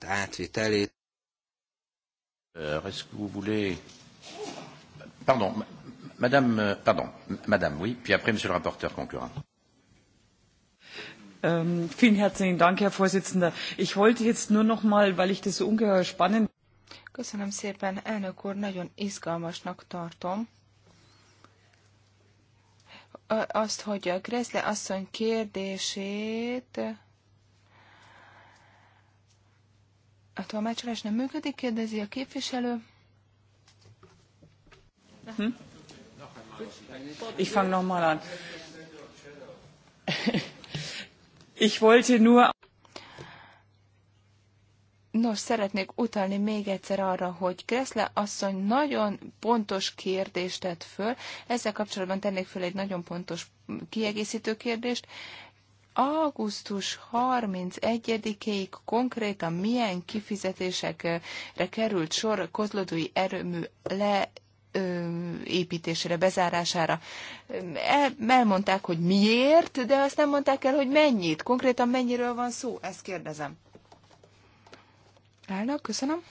gyakorlat átvitelét. Euh, est-ce que vous voulez... Pardon, madame, euh, pardon, madame, oui, puis après monsieur le rapporteur concurrent. Ähm, vielen herzlichen Dank, Herr Vorsitzender. Ich wollte jetzt nur noch mal, weil ich das so ungeheuer spannend... Köszönöm szépen, elnök úr, nagyon izgalmasnak tartom azt, hogy a Greszle asszony kérdését A tolmácsolás nem működik, kérdezi a képviselő. Hm? Ich fange nochmal an. Ich wollte nur... Nos, szeretnék utalni még egyszer arra, hogy Kreszle asszony nagyon pontos kérdést tett föl. Ezzel kapcsolatban tennék föl egy nagyon pontos kiegészítő kérdést augusztus 31-ig konkrétan milyen kifizetésekre került sor kozlodói erőmű le építésére, bezárására. El, elmondták, hogy miért, de azt nem mondták el, hogy mennyit. Konkrétan mennyiről van szó? Ezt kérdezem. Elnök, köszönöm.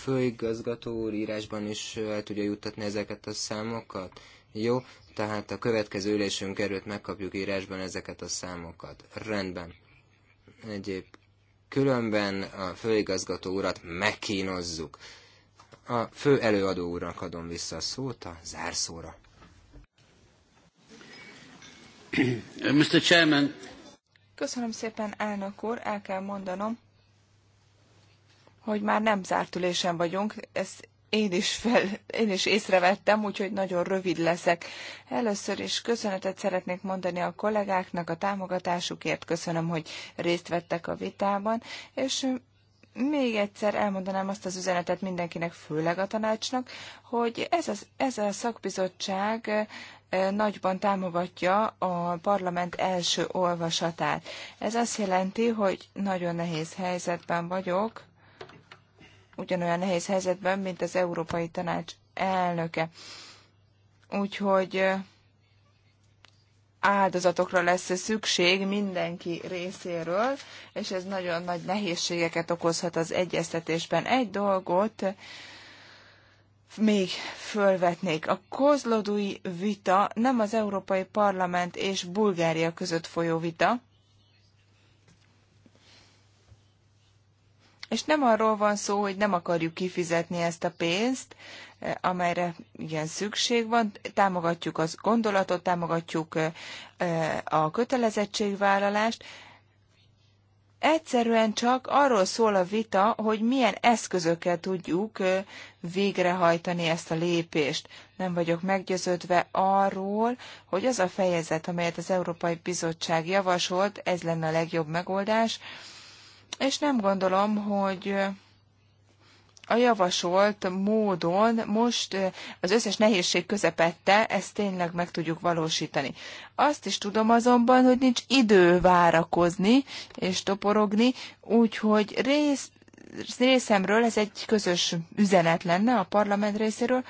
Főigazgató úr írásban is el tudja juttatni ezeket a számokat? Jó, tehát a következő ülésünk előtt megkapjuk írásban ezeket a számokat. Rendben. Egyéb különben a főigazgató urat megkínozzuk. A fő előadó úrnak adom vissza a szót a zárszóra. Mr. Chairman. Köszönöm szépen, elnök úr. El kell mondanom, hogy már nem zárt ülésen vagyunk. Ez én is, fel, én is észrevettem, úgyhogy nagyon rövid leszek. Először is köszönetet szeretnék mondani a kollégáknak a támogatásukért, köszönöm, hogy részt vettek a vitában, és még egyszer elmondanám azt az üzenetet mindenkinek, főleg a tanácsnak, hogy ez, az, ez a szakbizottság eh, nagyban támogatja a parlament első olvasatát. Ez azt jelenti, hogy nagyon nehéz helyzetben vagyok, ugyanolyan nehéz helyzetben, mint az Európai Tanács elnöke. Úgyhogy áldozatokra lesz szükség mindenki részéről, és ez nagyon nagy nehézségeket okozhat az egyeztetésben. Egy dolgot még fölvetnék. A kozlodói vita nem az Európai Parlament és Bulgária között folyó vita, És nem arról van szó, hogy nem akarjuk kifizetni ezt a pénzt, eh, amelyre ilyen szükség van. Támogatjuk az gondolatot, támogatjuk eh, eh, a kötelezettségvállalást. Egyszerűen csak arról szól a vita, hogy milyen eszközökkel tudjuk végrehajtani ezt a lépést. Nem vagyok meggyőződve arról, hogy az a fejezet, amelyet az Európai Bizottság javasolt, ez lenne a legjobb megoldás és nem gondolom, hogy a javasolt módon most az összes nehézség közepette ezt tényleg meg tudjuk valósítani. Azt is tudom azonban, hogy nincs idő várakozni és toporogni, úgyhogy rész, részemről ez egy közös üzenet lenne a parlament részéről,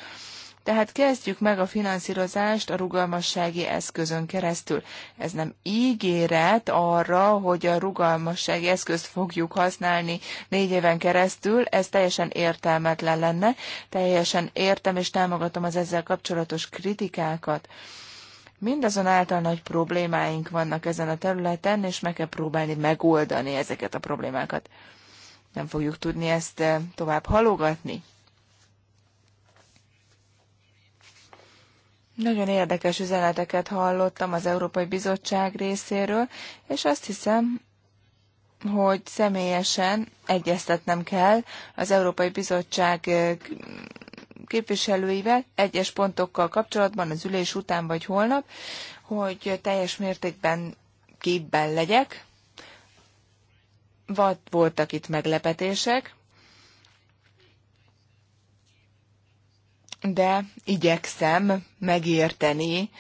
tehát kezdjük meg a finanszírozást a rugalmassági eszközön keresztül. Ez nem ígéret arra, hogy a rugalmassági eszközt fogjuk használni négy éven keresztül, ez teljesen értelmetlen lenne, teljesen értem és támogatom az ezzel kapcsolatos kritikákat. Mindazonáltal nagy problémáink vannak ezen a területen, és meg kell próbálni megoldani ezeket a problémákat. Nem fogjuk tudni ezt eh, tovább halogatni. Nagyon érdekes üzeneteket hallottam az Európai Bizottság részéről, és azt hiszem, hogy személyesen egyeztetnem kell az Európai Bizottság képviselőivel egyes pontokkal kapcsolatban az ülés után vagy holnap, hogy teljes mértékben képben legyek. Vagy voltak itt meglepetések, de igyekszem megérteni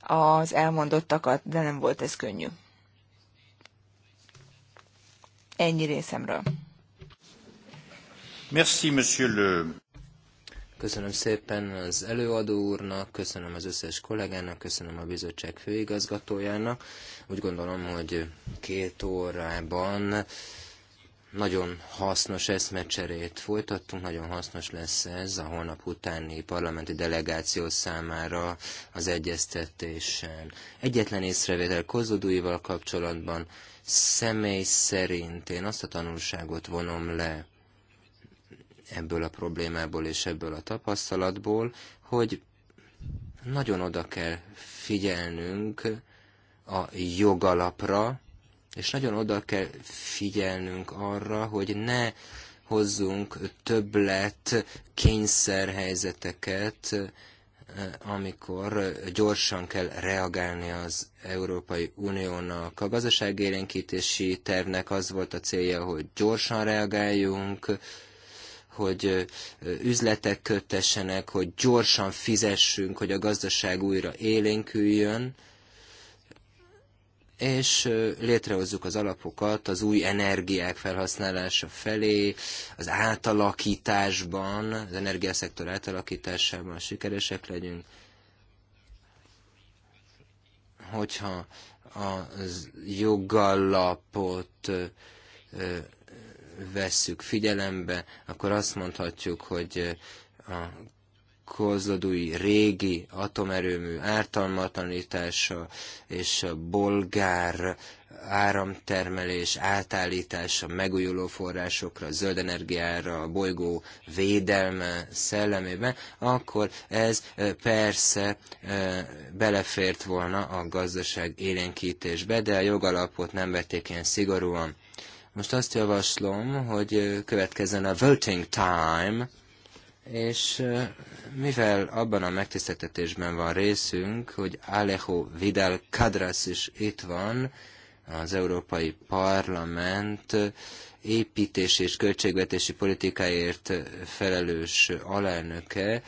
az elmondottakat, de nem volt ez könnyű. Ennyi részemről. Merci, monsieur le... Köszönöm szépen az előadó úrnak, köszönöm az összes kollégának, köszönöm a bizottság főigazgatójának. Úgy gondolom, hogy két órában nagyon hasznos eszmecserét folytattunk, nagyon hasznos lesz ez a holnap utáni parlamenti delegáció számára az egyeztetésen. Egyetlen észrevétel Kozodúival kapcsolatban személy szerint én azt a tanulságot vonom le ebből a problémából és ebből a tapasztalatból, hogy nagyon oda kell figyelnünk a jogalapra, és nagyon oda kell figyelnünk arra, hogy ne hozzunk többlet kényszerhelyzeteket, eh, amikor gyorsan kell reagálni az Európai Uniónak. A gazdaságélénkítési tervnek az volt a célja, hogy gyorsan reagáljunk, hogy eh, üzletek kötessenek, hogy gyorsan fizessünk, hogy a gazdaság újra élénküljön, és létrehozzuk az alapokat az új energiák felhasználása felé, az átalakításban, az energiaszektor átalakításában sikeresek legyünk. Hogyha a jogallapot vesszük figyelembe, akkor azt mondhatjuk, hogy a kozlodói régi atomerőmű ártalmatlanítása és a bolgár áramtermelés átállítása megújuló forrásokra, zöld energiára, a bolygó védelme szellemében, akkor ez persze belefért volna a gazdaság élénkítésbe, de a jogalapot nem vették ilyen szigorúan. Most azt javaslom, hogy következzen a voting time, és mivel abban a megtiszteltetésben van részünk, hogy Alejo Vidal Cadras is itt van, az Európai Parlament építési és költségvetési politikáért felelős alelnöke.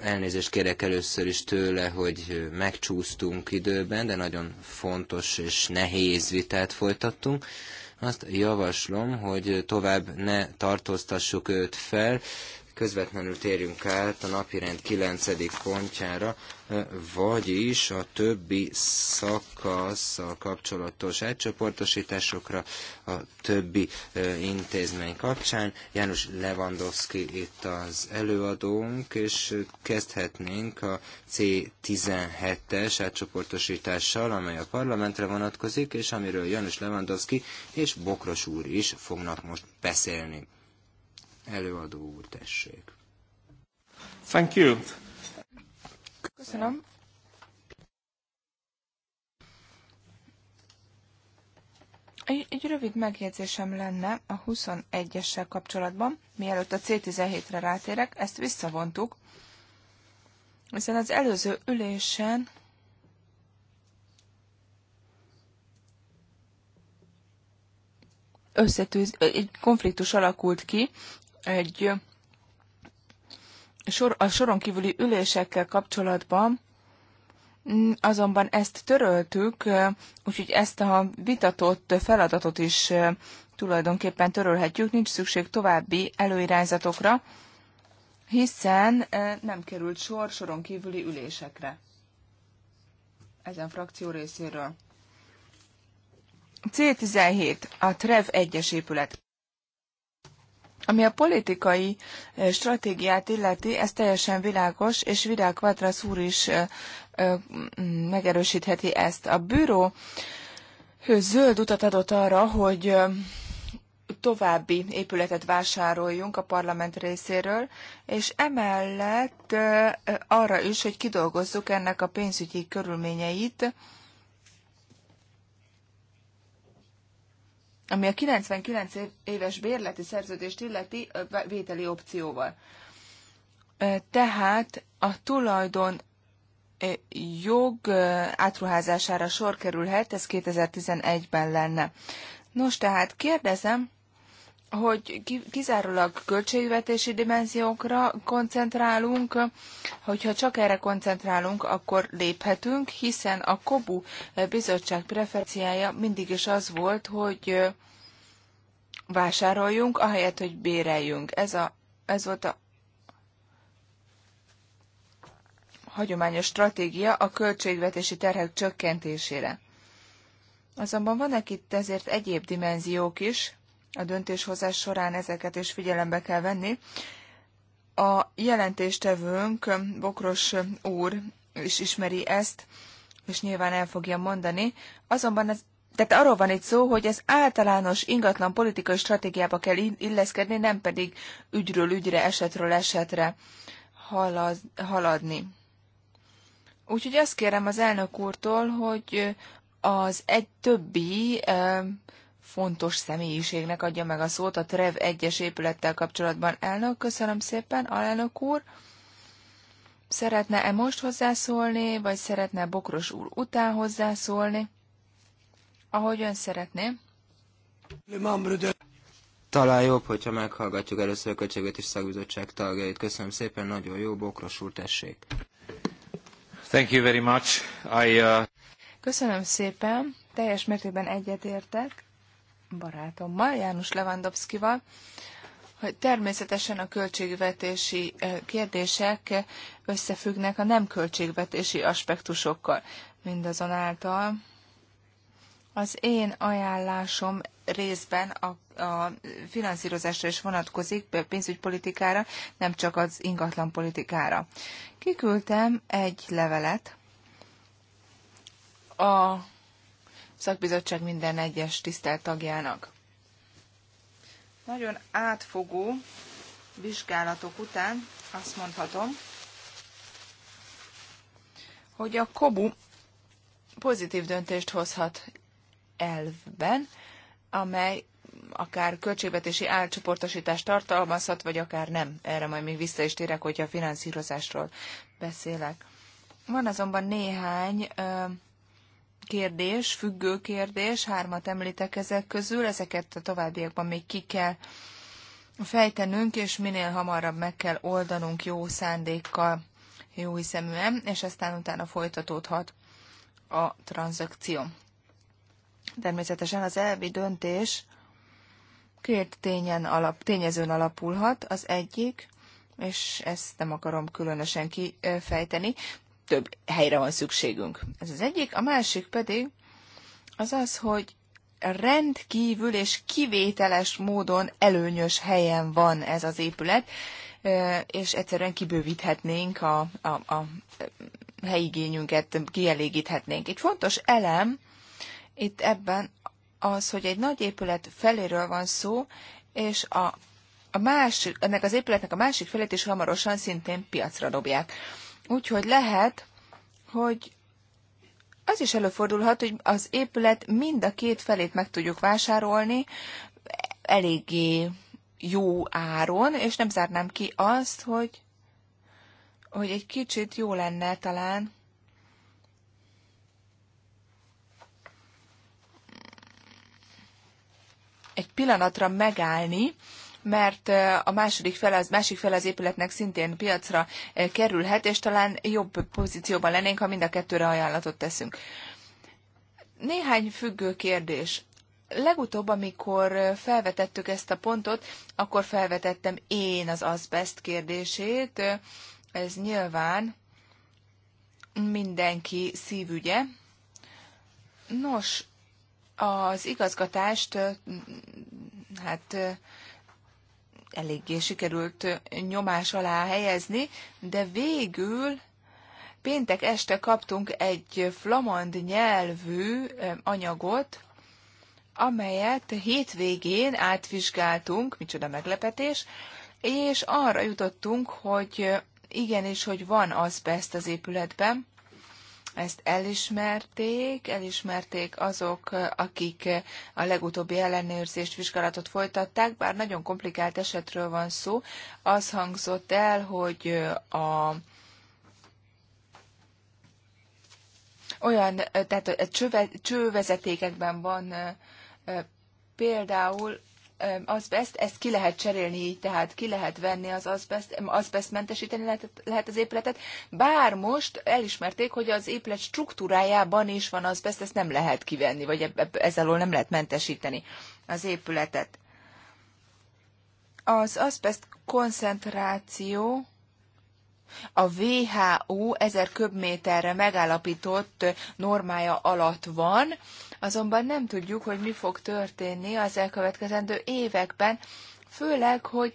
Elnézést kérek először is tőle, hogy megcsúsztunk időben, de nagyon fontos és nehéz vitát folytattunk. Azt javaslom, hogy tovább ne tartóztassuk őt fel, közvetlenül térjünk át a napirend 9. pontjára, eh, vagyis a többi szakaszsal kapcsolatos egycsoportosításokra a többi eh, intézmény kapcsán. János Lewandowski itt az előadónk, és kezdhetnénk a C17-es átcsoportosítással, amely a parlamentre vonatkozik, és amiről János Lewandowski és Bokros úr is fognak most beszélni. Előadó úr, tessék. Thank you. Köszönöm. Egy, egy rövid megjegyzésem lenne a 21-essel kapcsolatban, mielőtt a C17-re rátérek, ezt visszavontuk, hiszen az előző ülésen összetűz, egy konfliktus alakult ki egy sor, a soron kívüli ülésekkel kapcsolatban, mm, azonban ezt töröltük, úgyhogy ezt a vitatott feladatot is tulajdonképpen törölhetjük, nincs szükség további előirányzatokra, hiszen nem került sor soron kívüli ülésekre ezen frakció részéről. C17. A TREV 1-es épület. Ami a politikai eh, stratégiát illeti, ez teljesen világos, és Virág Vatrasz úr is eh, eh, mm, megerősítheti ezt. A bűró zöld utat adott arra, hogy további épületet vásároljunk a parlament részéről, és emellett arra is, hogy kidolgozzuk ennek a pénzügyi körülményeit, ami a 99 éves bérleti szerződést illeti vételi opcióval. Tehát a tulajdon jog átruházására sor kerülhet, ez 2011-ben lenne. Nos, tehát kérdezem, hogy kizárólag költségvetési dimenziókra koncentrálunk, hogyha csak erre koncentrálunk, akkor léphetünk, hiszen a KOBU bizottság preferenciája mindig is az volt, hogy vásároljunk, ahelyett, hogy béreljünk. Ez, a, ez volt a hagyományos stratégia a költségvetési terhek csökkentésére. Azonban vannak itt ezért egyéb dimenziók is, a döntéshozás során ezeket is figyelembe kell venni. A jelentéstevőnk, Bokros úr is ismeri ezt, és nyilván el fogja mondani, azonban ez tehát arról van itt szó, hogy ez általános ingatlan politikai stratégiába kell illeszkedni, nem pedig ügyről ügyre, esetről esetre halad, haladni. Úgyhogy azt kérem az elnök úrtól, hogy az egy többi eh, fontos személyiségnek adja meg a szót a Trev egyes épülettel kapcsolatban. Elnök, köszönöm szépen, alelnök úr. Szeretne-e most hozzászólni, vagy szeretne Bokros úr után hozzászólni? Ahogy ön szeretné. Talán jobb, hogyha meghallgatjuk először a Költségvetés Szakbizottság tagjait. Köszönöm szépen, nagyon jó, Bokros úr, tessék. Thank you very much. I, uh... Köszönöm szépen, teljes mértékben egyetértek barátommal, János Lewandowskival, hogy természetesen a költségvetési kérdések összefüggnek a nem költségvetési aspektusokkal. Mindazonáltal az én ajánlásom részben a, a finanszírozásra is vonatkozik, pénzügypolitikára, nem csak az ingatlan politikára. Kiküldtem egy levelet a szakbizottság minden egyes tisztelt tagjának. Nagyon átfogó vizsgálatok után azt mondhatom, hogy a KOBU pozitív döntést hozhat elvben, amely akár költségvetési álcsoportosítást tartalmazhat, vagy akár nem. Erre majd még vissza is térek, hogyha a finanszírozásról beszélek. Van azonban néhány kérdés, függő kérdés, hármat említek ezek közül, ezeket a továbbiakban még ki kell fejtenünk, és minél hamarabb meg kell oldanunk jó szándékkal, jó hiszeműen, és aztán utána folytatódhat a tranzakció. Természetesen az elvi döntés két tényen alap, tényezőn alapulhat. Az egyik, és ezt nem akarom különösen kifejteni, több helyre van szükségünk. Ez az egyik. A másik pedig az az, hogy rendkívül és kivételes módon előnyös helyen van ez az épület, és egyszerűen kibővíthetnénk a, a, a helyigényünket, kielégíthetnénk. Egy fontos elem itt ebben az, hogy egy nagy épület feléről van szó, és a, a másik, ennek az épületnek a másik felét is hamarosan szintén piacra dobják. Úgyhogy lehet, hogy az is előfordulhat, hogy az épület mind a két felét meg tudjuk vásárolni eléggé jó áron, és nem zárnám ki azt, hogy, hogy egy kicsit jó lenne talán egy pillanatra megállni, mert a második fele, az másik fele az épületnek szintén piacra kerülhet, és talán jobb pozícióban lennénk, ha mind a kettőre ajánlatot teszünk. Néhány függő kérdés legutóbb, amikor felvetettük ezt a pontot, akkor felvetettem én az azbest kérdését. Ez nyilván mindenki szívügye. Nos, az igazgatást, hát eléggé sikerült nyomás alá helyezni, de végül péntek este kaptunk egy flamand nyelvű anyagot, amelyet hétvégén átvizsgáltunk, micsoda meglepetés, és arra jutottunk, hogy igenis, hogy van az best az épületben, ezt elismerték, elismerték azok, akik a legutóbbi ellenőrzést, vizsgálatot folytatták, bár nagyon komplikált esetről van szó. Az hangzott el, hogy a olyan, tehát a csővezetékekben van például azbest, ezt ki lehet cserélni így, tehát ki lehet venni az azbest, azbestmentesíteni lehet, lehet az épületet, bár most elismerték, hogy az épület struktúrájában is van azbest, ezt nem lehet kivenni, vagy ezzel nem lehet mentesíteni az épületet. Az azbest koncentráció a WHO 1000 köbméterre megállapított normája alatt van, azonban nem tudjuk, hogy mi fog történni az elkövetkezendő években, főleg, hogy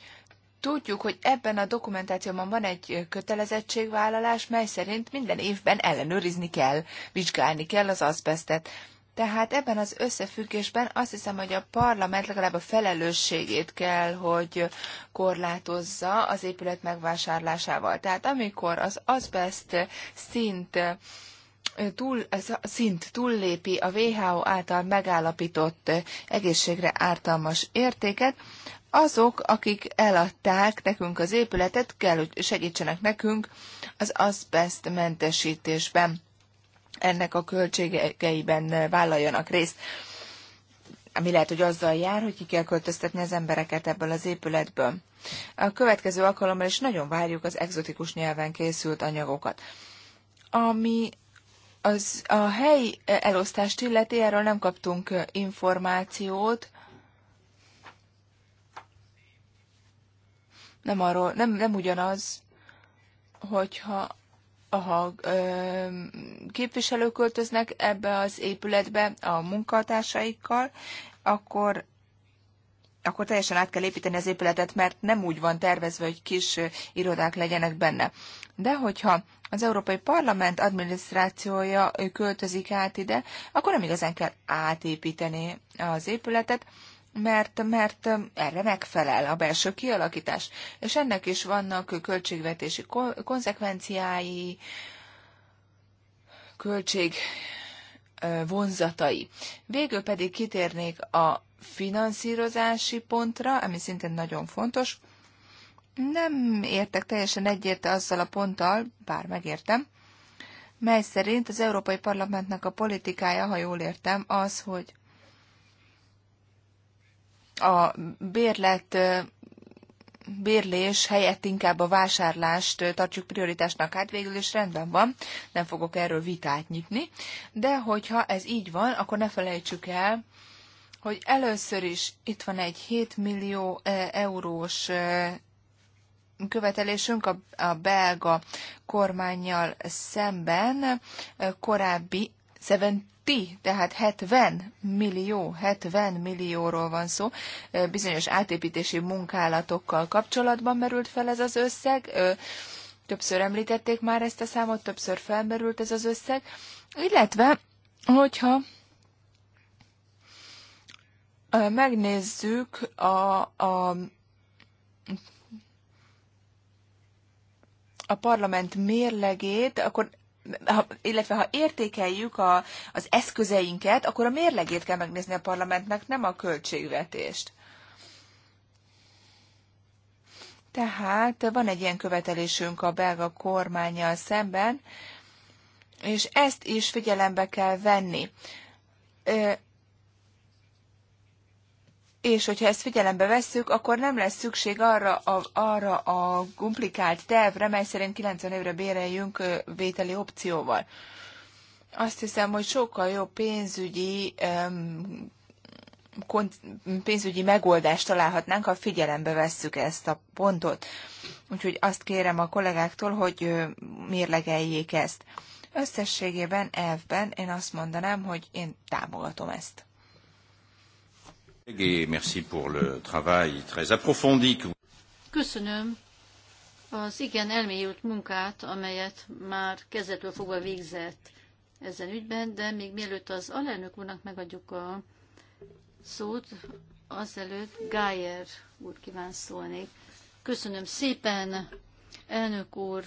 tudjuk, hogy ebben a dokumentációban van egy kötelezettségvállalás, mely szerint minden évben ellenőrizni kell, vizsgálni kell az aszbesztet. Tehát ebben az összefüggésben azt hiszem, hogy a parlament legalább a felelősségét kell, hogy korlátozza az épület megvásárlásával. Tehát amikor az azbest szint túl, szint túllépi a WHO által megállapított egészségre ártalmas értéket, azok, akik eladták nekünk az épületet, kell, hogy segítsenek nekünk az azbest mentesítésben ennek a költségeiben vállaljanak részt. Ami lehet, hogy azzal jár, hogy ki kell költöztetni az embereket ebből az épületből. A következő alkalommal is nagyon várjuk az exotikus nyelven készült anyagokat. Ami az, a helyi elosztást illeti, erről nem kaptunk információt. Nem arról, nem, nem ugyanaz, hogyha Aha, képviselők költöznek ebbe az épületbe a munkatársaikkal, akkor akkor teljesen át kell építeni az épületet, mert nem úgy van tervezve, hogy kis irodák legyenek benne. De hogyha az Európai Parlament adminisztrációja költözik át ide, akkor nem igazán kell átépíteni az épületet, mert, mert erre megfelel a belső kialakítás, és ennek is vannak költségvetési konzekvenciái, költség vonzatai. Végül pedig kitérnék a finanszírozási pontra, ami szintén nagyon fontos. Nem értek teljesen egyérte azzal a ponttal, bár megértem, mely szerint az Európai Parlamentnek a politikája, ha jól értem, az, hogy a bérlet bérlés helyett inkább a vásárlást tartjuk prioritásnak. Hát végül is rendben van, nem fogok erről vitát nyitni, de hogyha ez így van, akkor ne felejtsük el, hogy először is itt van egy 7 millió eurós követelésünk a, a belga kormányjal szemben korábbi 70 ti, tehát 70 millió, 70 millióról van szó, bizonyos átépítési munkálatokkal kapcsolatban merült fel ez az összeg, többször említették már ezt a számot, többször felmerült ez az összeg, illetve, hogyha megnézzük a, a a parlament mérlegét, akkor ha, illetve ha értékeljük a, az eszközeinket, akkor a mérlegét kell megnézni a parlamentnek, nem a költségvetést. Tehát van egy ilyen követelésünk a belga kormányjal szemben, és ezt is figyelembe kell venni és hogyha ezt figyelembe vesszük, akkor nem lesz szükség arra a, arra a komplikált tervre, mely szerint 90 évre béreljünk vételi opcióval. Azt hiszem, hogy sokkal jobb pénzügyi um, pénzügyi megoldást találhatnánk, ha figyelembe vesszük ezt a pontot. Úgyhogy azt kérem a kollégáktól, hogy mérlegeljék ezt. Összességében elvben én azt mondanám, hogy én támogatom ezt. Köszönöm az igen elmélyült munkát, amelyet már kezdetől fogva végzett ezen ügyben, de még mielőtt az alelnök úrnak megadjuk a szót, azelőtt Gájer úr kíván szólni. Köszönöm szépen, elnök úr,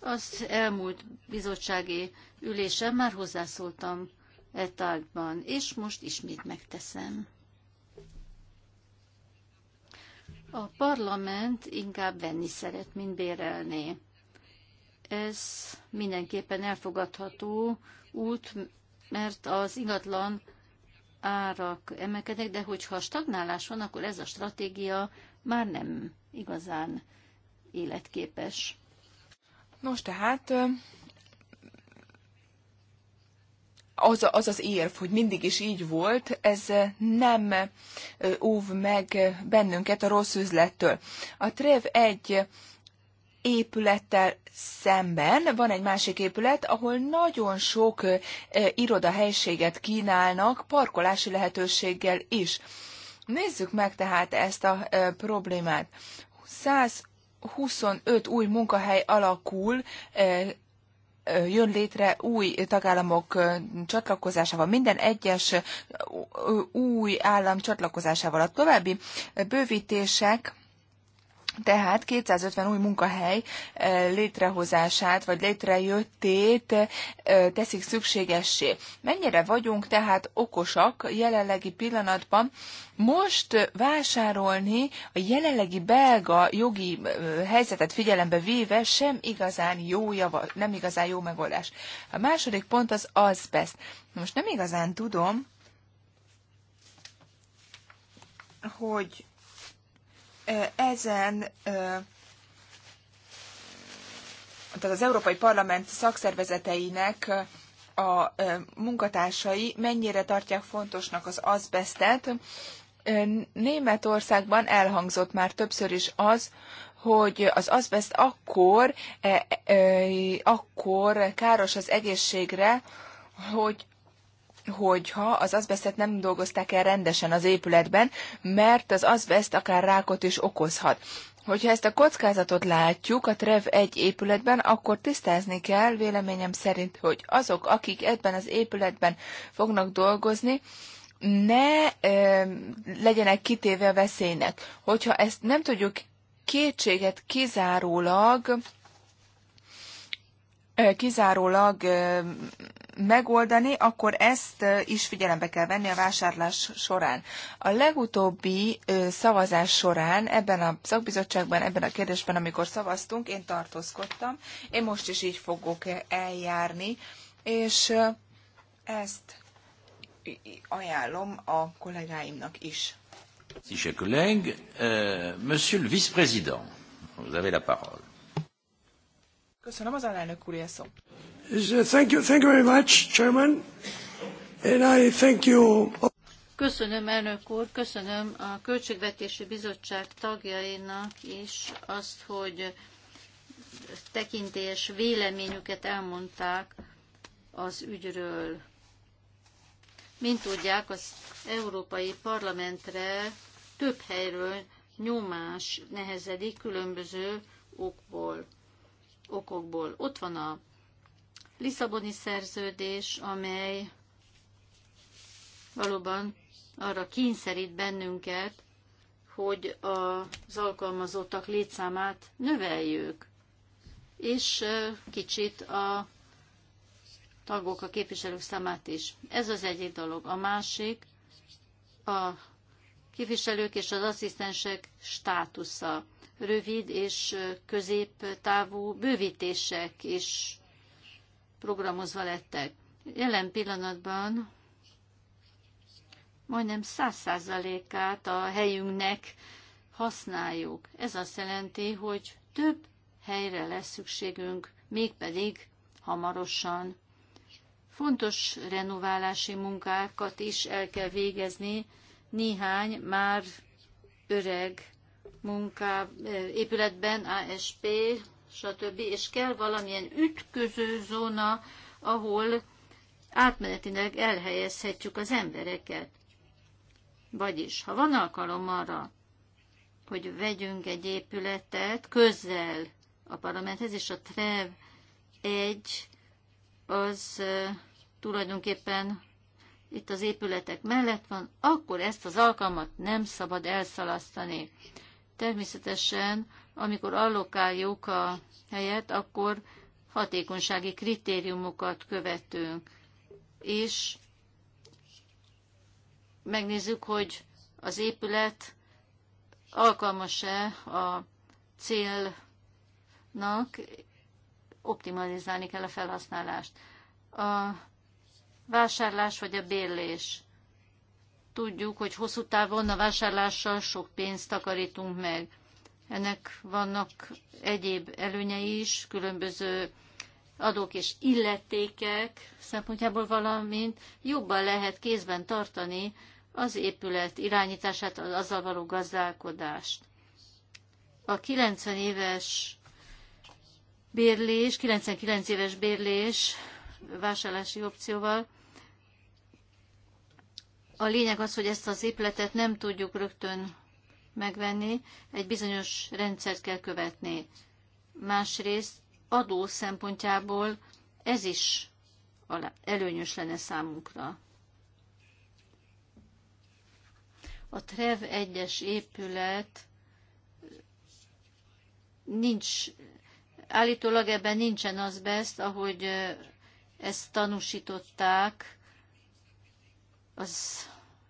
az elmúlt bizottsági ülésen már hozzászóltam e tárgyban, és most ismét megteszem. A parlament inkább venni szeret, mint bérelni. Ez mindenképpen elfogadható út, mert az ingatlan árak emelkednek, de hogyha stagnálás van, akkor ez a stratégia már nem igazán életképes. Nos, tehát az, az az érv, hogy mindig is így volt, ez nem óv meg bennünket a rossz üzlettől. A Trev egy épülettel szemben van egy másik épület, ahol nagyon sok irodahelységet kínálnak parkolási lehetőséggel is. Nézzük meg tehát ezt a problémát. 125 új munkahely alakul jön létre új tagállamok csatlakozásával, minden egyes új állam csatlakozásával. A további bővítések tehát 250 új munkahely létrehozását vagy létrejöttét teszik szükségessé. Mennyire vagyunk tehát okosak jelenlegi pillanatban most vásárolni a jelenlegi belga jogi helyzetet figyelembe véve sem igazán jó java, nem igazán jó megoldás. A második pont az azbest. Most nem igazán tudom, hogy ezen tehát az Európai Parlament szakszervezeteinek a munkatársai mennyire tartják fontosnak az azbestet. Németországban elhangzott már többször is az, hogy az azbest akkor, e, e, akkor káros az egészségre, hogy hogyha az azbesztet nem dolgozták el rendesen az épületben, mert az azbeszt akár rákot is okozhat. Hogyha ezt a kockázatot látjuk a TREV egy épületben, akkor tisztázni kell véleményem szerint, hogy azok, akik ebben az épületben fognak dolgozni, ne e, legyenek kitéve a veszélynek. Hogyha ezt nem tudjuk kétséget kizárólag kizárólag megoldani, akkor ezt is figyelembe kell venni a vásárlás során. A legutóbbi szavazás során ebben a szakbizottságban, ebben a kérdésben, amikor szavaztunk, én tartózkodtam, én most is így fogok eljárni, és ezt ajánlom a kollégáimnak is. Si, chers euh, monsieur le vice-président, vous avez la parole. Köszönöm az alelnök úr, Köszönöm, elnök úr, köszönöm a Költségvetési Bizottság tagjainak is azt, hogy tekintélyes véleményüket elmondták az ügyről. Mint tudják, az Európai Parlamentre több helyről nyomás nehezedik különböző okból, okokból. Ott van a Lisszaboni szerződés, amely valóban arra kényszerít bennünket, hogy az alkalmazottak létszámát növeljük, és kicsit a tagok, a képviselők számát is. Ez az egyik dolog. A másik a képviselők és az asszisztensek státusza. Rövid és középtávú bővítések is programozva lettek. Jelen pillanatban majdnem száz százalékát a helyünknek használjuk. Ez azt jelenti, hogy több helyre lesz szükségünk, mégpedig hamarosan. Fontos renoválási munkákat is el kell végezni, néhány már öreg munká eh, épületben, ASP stb. És kell valamilyen ütköző zóna, ahol átmenetileg elhelyezhetjük az embereket. Vagyis, ha van alkalom arra, hogy vegyünk egy épületet közel a parlamenthez, és a TREV 1 az tulajdonképpen itt az épületek mellett van, akkor ezt az alkalmat nem szabad elszalasztani. Természetesen amikor allokáljuk a helyet, akkor hatékonysági kritériumokat követünk, és megnézzük, hogy az épület alkalmas-e a célnak, optimalizálni kell a felhasználást. A vásárlás vagy a bérlés. Tudjuk, hogy hosszú távon a vásárlással sok pénzt takarítunk meg ennek vannak egyéb előnyei is, különböző adók és illetékek szempontjából, valamint jobban lehet kézben tartani az épület irányítását, az azzal való gazdálkodást. A 90 éves bérlés, 99 éves bérlés vásárlási opcióval. A lényeg az, hogy ezt az épületet nem tudjuk rögtön megvenni, egy bizonyos rendszert kell követni. Másrészt adó szempontjából ez is előnyös lenne számunkra. A TREV 1-es épület nincs, állítólag ebben nincsen az best, ahogy ezt tanúsították az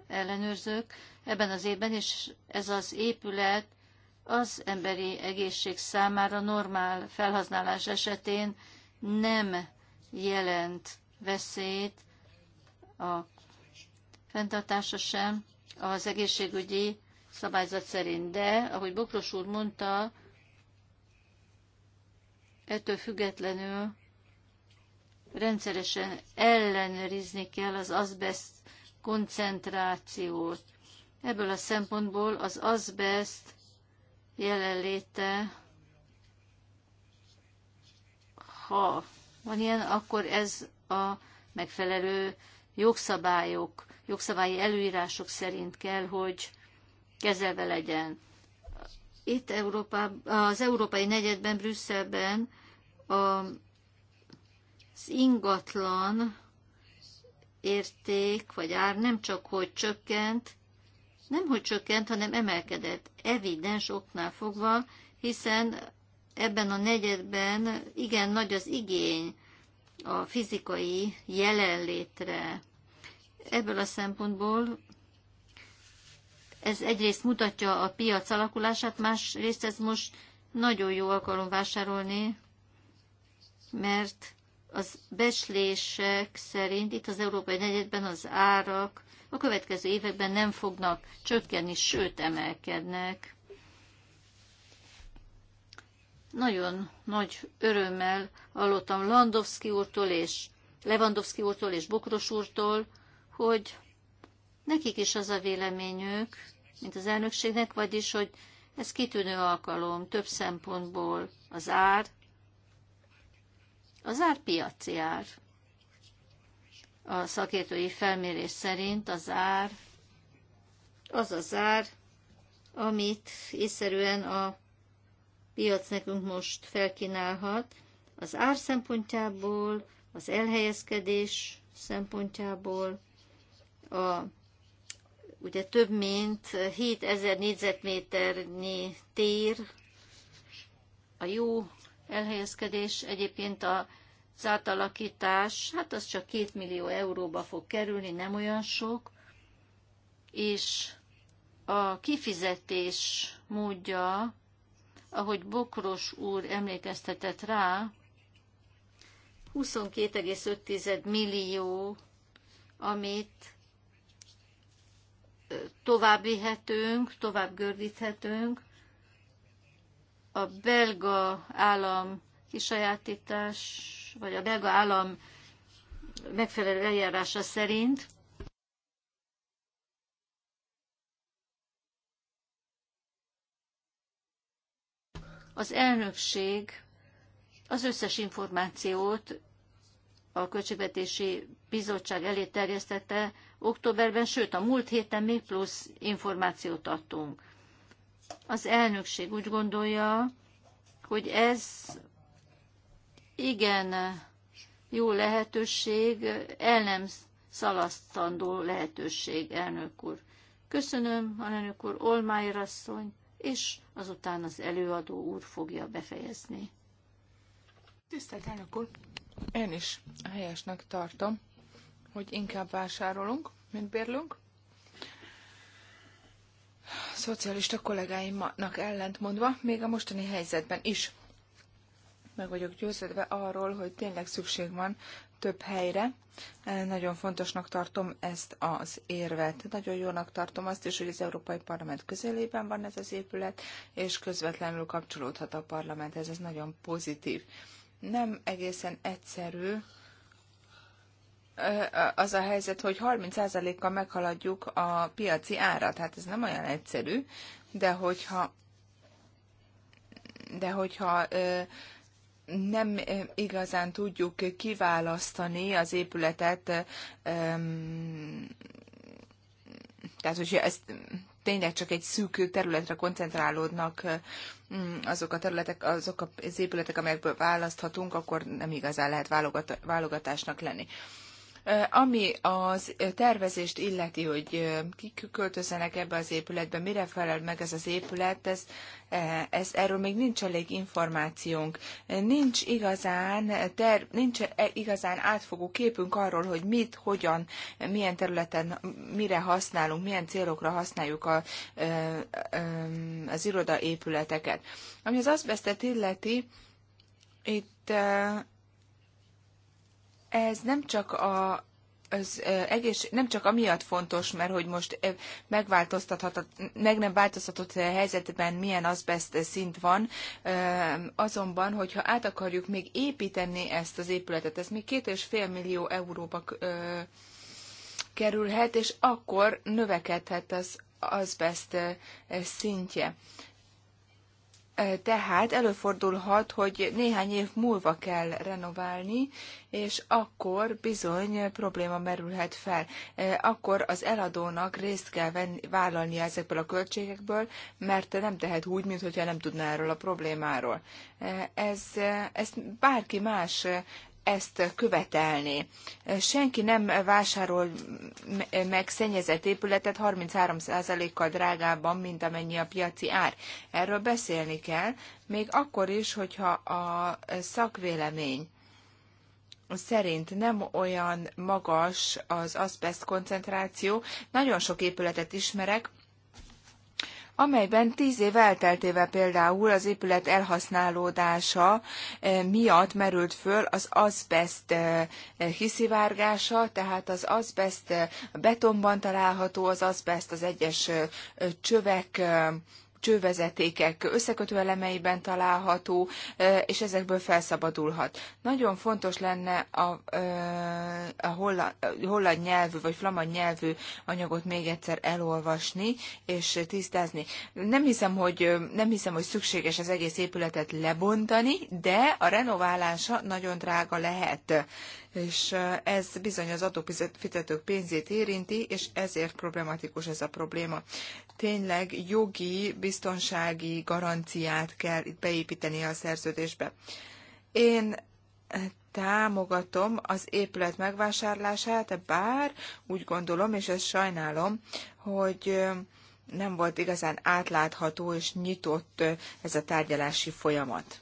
ellenőrzők ebben az évben, és ez az épület az emberi egészség számára normál felhasználás esetén nem jelent veszélyt a fenntartása sem az egészségügyi szabályzat szerint. De, ahogy Bokros úr mondta, ettől függetlenül rendszeresen ellenőrizni kell az azbest koncentrációt Ebből a szempontból az azbest jelenléte, ha van ilyen, akkor ez a megfelelő jogszabályok, jogszabályi előírások szerint kell, hogy kezelve legyen. Itt Európában, az európai negyedben, Brüsszelben a, az ingatlan érték vagy ár nem csak hogy csökkent, nem hogy csökkent, hanem emelkedett. Evidens oknál fogva, hiszen ebben a negyedben igen nagy az igény a fizikai jelenlétre. Ebből a szempontból ez egyrészt mutatja a piac alakulását, másrészt ez most nagyon jó alkalom vásárolni, mert az beslések szerint itt az európai negyedben az árak a következő években nem fognak csökkenni, sőt emelkednek. Nagyon nagy örömmel hallottam Landowski úrtól és Lewandowski úrtól és Bokros úrtól, hogy nekik is az a véleményük, mint az elnökségnek, vagyis, hogy ez kitűnő alkalom több szempontból az ár, az árpiaci ár a szakértői felmérés szerint az ár az az ár, amit észszerűen a piac nekünk most felkínálhat. Az ár szempontjából, az elhelyezkedés szempontjából, a, ugye több mint 7000 négyzetméternyi tér, a jó elhelyezkedés egyébként a az átalakítás, hát az csak két millió euróba fog kerülni, nem olyan sok, és a kifizetés módja, ahogy Bokros úr emlékeztetett rá, 22,5 millió, amit tovább vihetünk, tovább gördíthetünk. A belga állam kisajátítás, vagy a belga állam megfelelő eljárása szerint az elnökség az összes információt a Költségvetési Bizottság elé terjesztette októberben, sőt a múlt héten még plusz információt adtunk. Az elnökség úgy gondolja, hogy ez igen jó lehetőség, el nem szalasztandó lehetőség, elnök úr. Köszönöm, elnök úr, Olmájer asszony, és azután az előadó úr fogja befejezni. Tisztelt elnök úr, én is helyesnek tartom, hogy inkább vásárolunk, mint bérlünk. Szocialista kollégáimnak ellentmondva, még a mostani helyzetben is meg vagyok győződve arról, hogy tényleg szükség van több helyre. Nagyon fontosnak tartom ezt az érvet. Nagyon jónak tartom azt is, hogy az Európai Parlament közelében van ez az épület, és közvetlenül kapcsolódhat a parlamenthez. Ez nagyon pozitív. Nem egészen egyszerű az a helyzet, hogy 30%-kal meghaladjuk a piaci árat. Hát ez nem olyan egyszerű, de hogyha de hogyha nem igazán tudjuk kiválasztani az épületet, tehát hogy ezt tényleg csak egy szűk területre koncentrálódnak mm, azok a területek, azok az épületek, amelyekből választhatunk, akkor nem igazán lehet válogatásnak lenni. Ami az tervezést illeti, hogy kik költözzenek ebbe az épületbe, mire felel meg ez az épület, ez, e, ez erről még nincs elég információnk. Nincs igazán, ter, nincs e, igazán átfogó képünk arról, hogy mit, hogyan, milyen területen, mire használunk, milyen célokra használjuk a, az irodaépületeket. Ami az azbesztet illeti, itt ez nem csak a az egész, nem csak amiatt fontos, mert hogy most megváltoztathat, meg nem változtatott helyzetben milyen azbest szint van, azonban, hogyha át akarjuk még építeni ezt az épületet, ez még két és fél millió euróba kerülhet, és akkor növekedhet az azbest szintje. Tehát előfordulhat, hogy néhány év múlva kell renoválni, és akkor bizony probléma merülhet fel. Akkor az eladónak részt kell venni, vállalnia ezekből a költségekből, mert nem tehet úgy, mintha nem tudná erről a problémáról. Ez, ezt bárki más ezt követelni. Senki nem vásárol meg szennyezett épületet 33%-kal drágábban, mint amennyi a piaci ár. Erről beszélni kell, még akkor is, hogyha a szakvélemény szerint nem olyan magas az aszbeszt koncentráció. Nagyon sok épületet ismerek, amelyben tíz év elteltével például az épület elhasználódása eh, miatt merült föl az azbest eh, eh, hiszivárgása, tehát az azbest betonban található, az azbest az egyes csövek csővezetékek összekötő elemeiben található, és ezekből felszabadulhat. Nagyon fontos lenne a, a holland, holland nyelvű vagy flamand nyelvű anyagot még egyszer elolvasni és tisztázni. Nem hiszem, hogy, nem hiszem, hogy szükséges az egész épületet lebontani, de a renoválása nagyon drága lehet és ez bizony az adófizetők pénzét érinti, és ezért problematikus ez a probléma tényleg jogi, biztonsági garanciát kell beépíteni a szerződésbe. Én támogatom az épület megvásárlását, bár úgy gondolom, és ezt sajnálom, hogy nem volt igazán átlátható és nyitott ez a tárgyalási folyamat.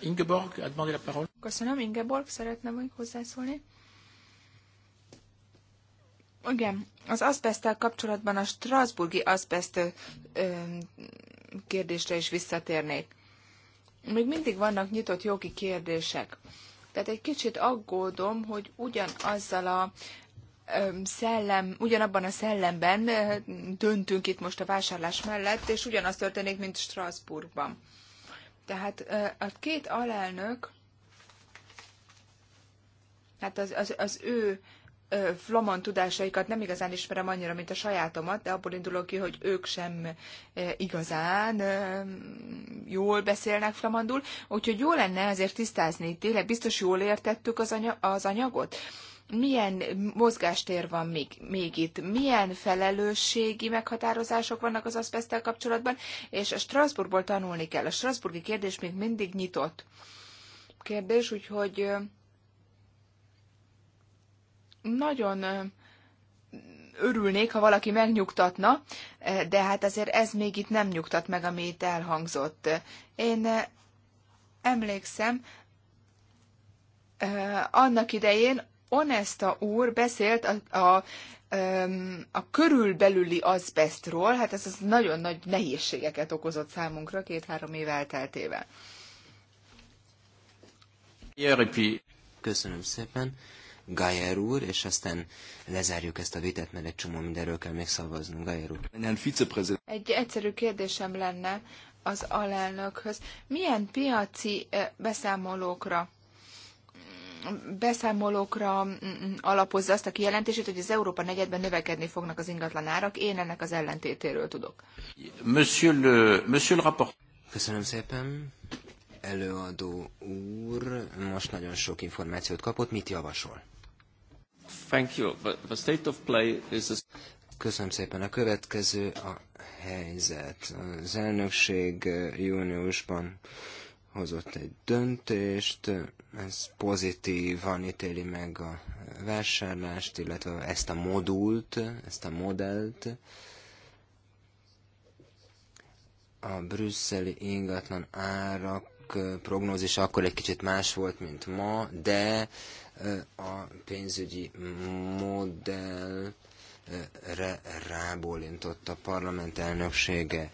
Ingeborg a Köszönöm, Ingeborg, szeretne még hozzászólni? Igen, az azbesztel kapcsolatban a Strasburgi azbeszt kérdésre is visszatérnék. Még mindig vannak nyitott jogi kérdések. Tehát egy kicsit aggódom, hogy ugyanazzal a szellem, ugyanabban a szellemben döntünk itt most a vásárlás mellett, és ugyanaz történik, mint Strasbourgban. Tehát a két alelnök, hát az, az, az ő flamand tudásaikat nem igazán ismerem annyira, mint a sajátomat, de abból indulok ki, hogy ők sem igazán jól beszélnek flamandul, úgyhogy jó lenne azért tisztázni, tényleg biztos jól értettük az, anya- az anyagot? Milyen mozgástér van még, még itt? Milyen felelősségi meghatározások vannak az aszbesztel kapcsolatban? És a Strasbourgból tanulni kell. A Strasburgi kérdés még mindig nyitott kérdés, úgyhogy nagyon örülnék, ha valaki megnyugtatna, de hát azért ez még itt nem nyugtat meg, ami itt elhangzott. Én emlékszem, annak idején Onesta úr beszélt a, a, a körülbelüli azbestról, hát ez az nagyon nagy nehézségeket okozott számunkra két-három év elteltével. Köszönöm szépen. Gajer úr, és aztán lezárjuk ezt a vitát, mert egy csomó mindenről kell még szavaznunk. Gajer úr. Egy egyszerű kérdésem lenne az alelnökhöz. Milyen piaci eh, beszámolókra beszámolókra mm, mm, alapozza azt a kijelentését, hogy az Európa negyedben növekedni fognak az ingatlan árak. Én ennek az ellentétéről tudok. Monsieur le, monsieur le rapport. Köszönöm szépen. Előadó úr most nagyon sok információt kapott. Mit javasol? Thank you. the state of play is a... Köszönöm szépen. A következő a helyzet. Az elnökség eh, júniusban hozott egy döntést, ez pozitívan ítéli meg a vásárlást, illetve ezt a modult, ezt a modellt. A brüsszeli ingatlan árak eh, prognózisa akkor egy kicsit más volt, mint ma, de a pénzügyi modellre rábólintott a parlament elnöksége.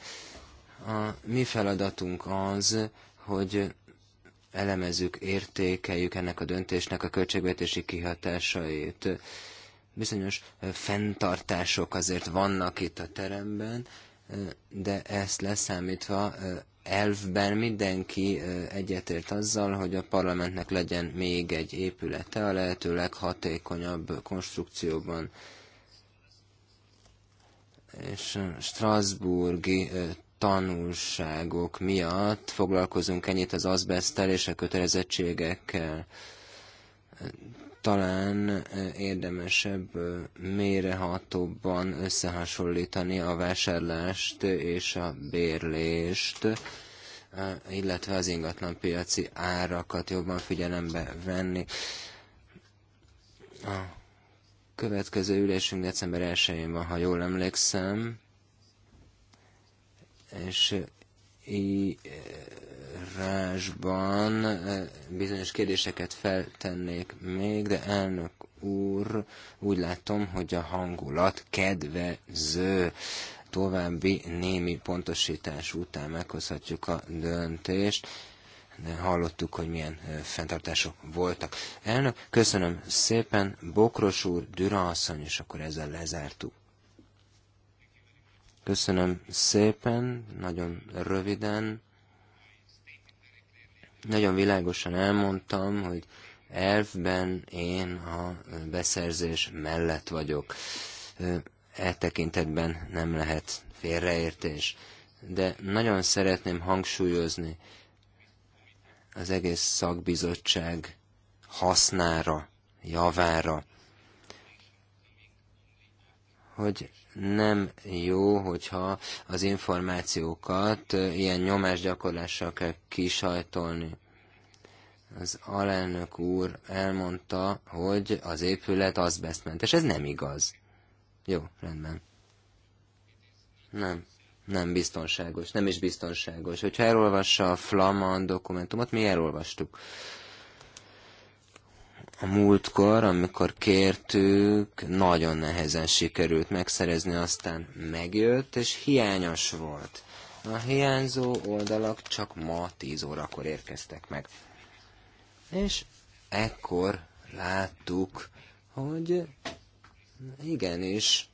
A mi feladatunk az, hogy elemezzük, értékeljük ennek a döntésnek a költségvetési kihatásait. Bizonyos fenntartások azért vannak itt a teremben, de ezt leszámítva elvben mindenki egyetért azzal, hogy a parlamentnek legyen még egy épülete a lehető leghatékonyabb konstrukcióban. És a Strasburgi tanulságok miatt foglalkozunk ennyit az azbesztel és a kötelezettségekkel talán érdemesebb mérehatóbban összehasonlítani a vásárlást és a bérlést, illetve az ingatlanpiaci árakat jobban figyelembe venni. A következő ülésünk december 1-én van, ha jól emlékszem, és írásban eh, eh, bizonyos kérdéseket feltennék még, de elnök úr, úgy látom, hogy a hangulat kedvező. További némi pontosítás után meghozhatjuk a döntést hallottuk, hogy milyen eh, fenntartások voltak. Elnök, köszönöm szépen, Bokros úr, Düra asszony, és akkor ezzel lezártuk. Köszönöm szépen, nagyon röviden. Nagyon világosan elmondtam, hogy elfben én a beszerzés mellett vagyok. E tekintetben nem lehet félreértés. De nagyon szeretném hangsúlyozni az egész szakbizottság hasznára, javára, hogy nem jó, hogyha az információkat ilyen nyomásgyakorlással kell kisajtolni. Az alelnök úr elmondta, hogy az épület azbesztmentes. Ez nem igaz. Jó, rendben. Nem. Nem biztonságos, nem is biztonságos. Hogyha elolvassa a Flaman dokumentumot, mi elolvastuk. Uh, a múltkor, amikor kértük, nagyon nehezen sikerült megszerezni, aztán megjött, és hiányos volt. A hiányzó oldalak csak ma 10 órakor érkeztek meg. És ekkor láttuk, hogy igenis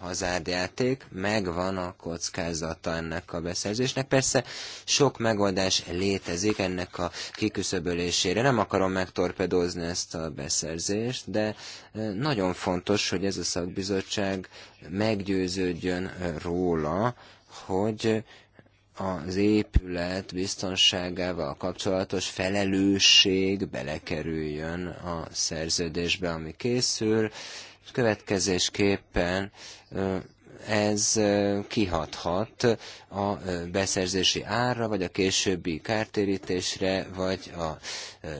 hazárdjáték, megvan a kockázata ennek a beszerzésnek. Persze sok megoldás létezik ennek a kiküszöbölésére. Nem akarom megtorpedozni ezt a beszerzést, de e, nagyon fontos, hogy ez a szakbizottság meggyőződjön e, róla, hogy az épület biztonságával kapcsolatos felelősség belekerüljön a szerződésbe, ami készül, következésképpen ez kihathat a beszerzési árra, vagy a későbbi kártérítésre, vagy a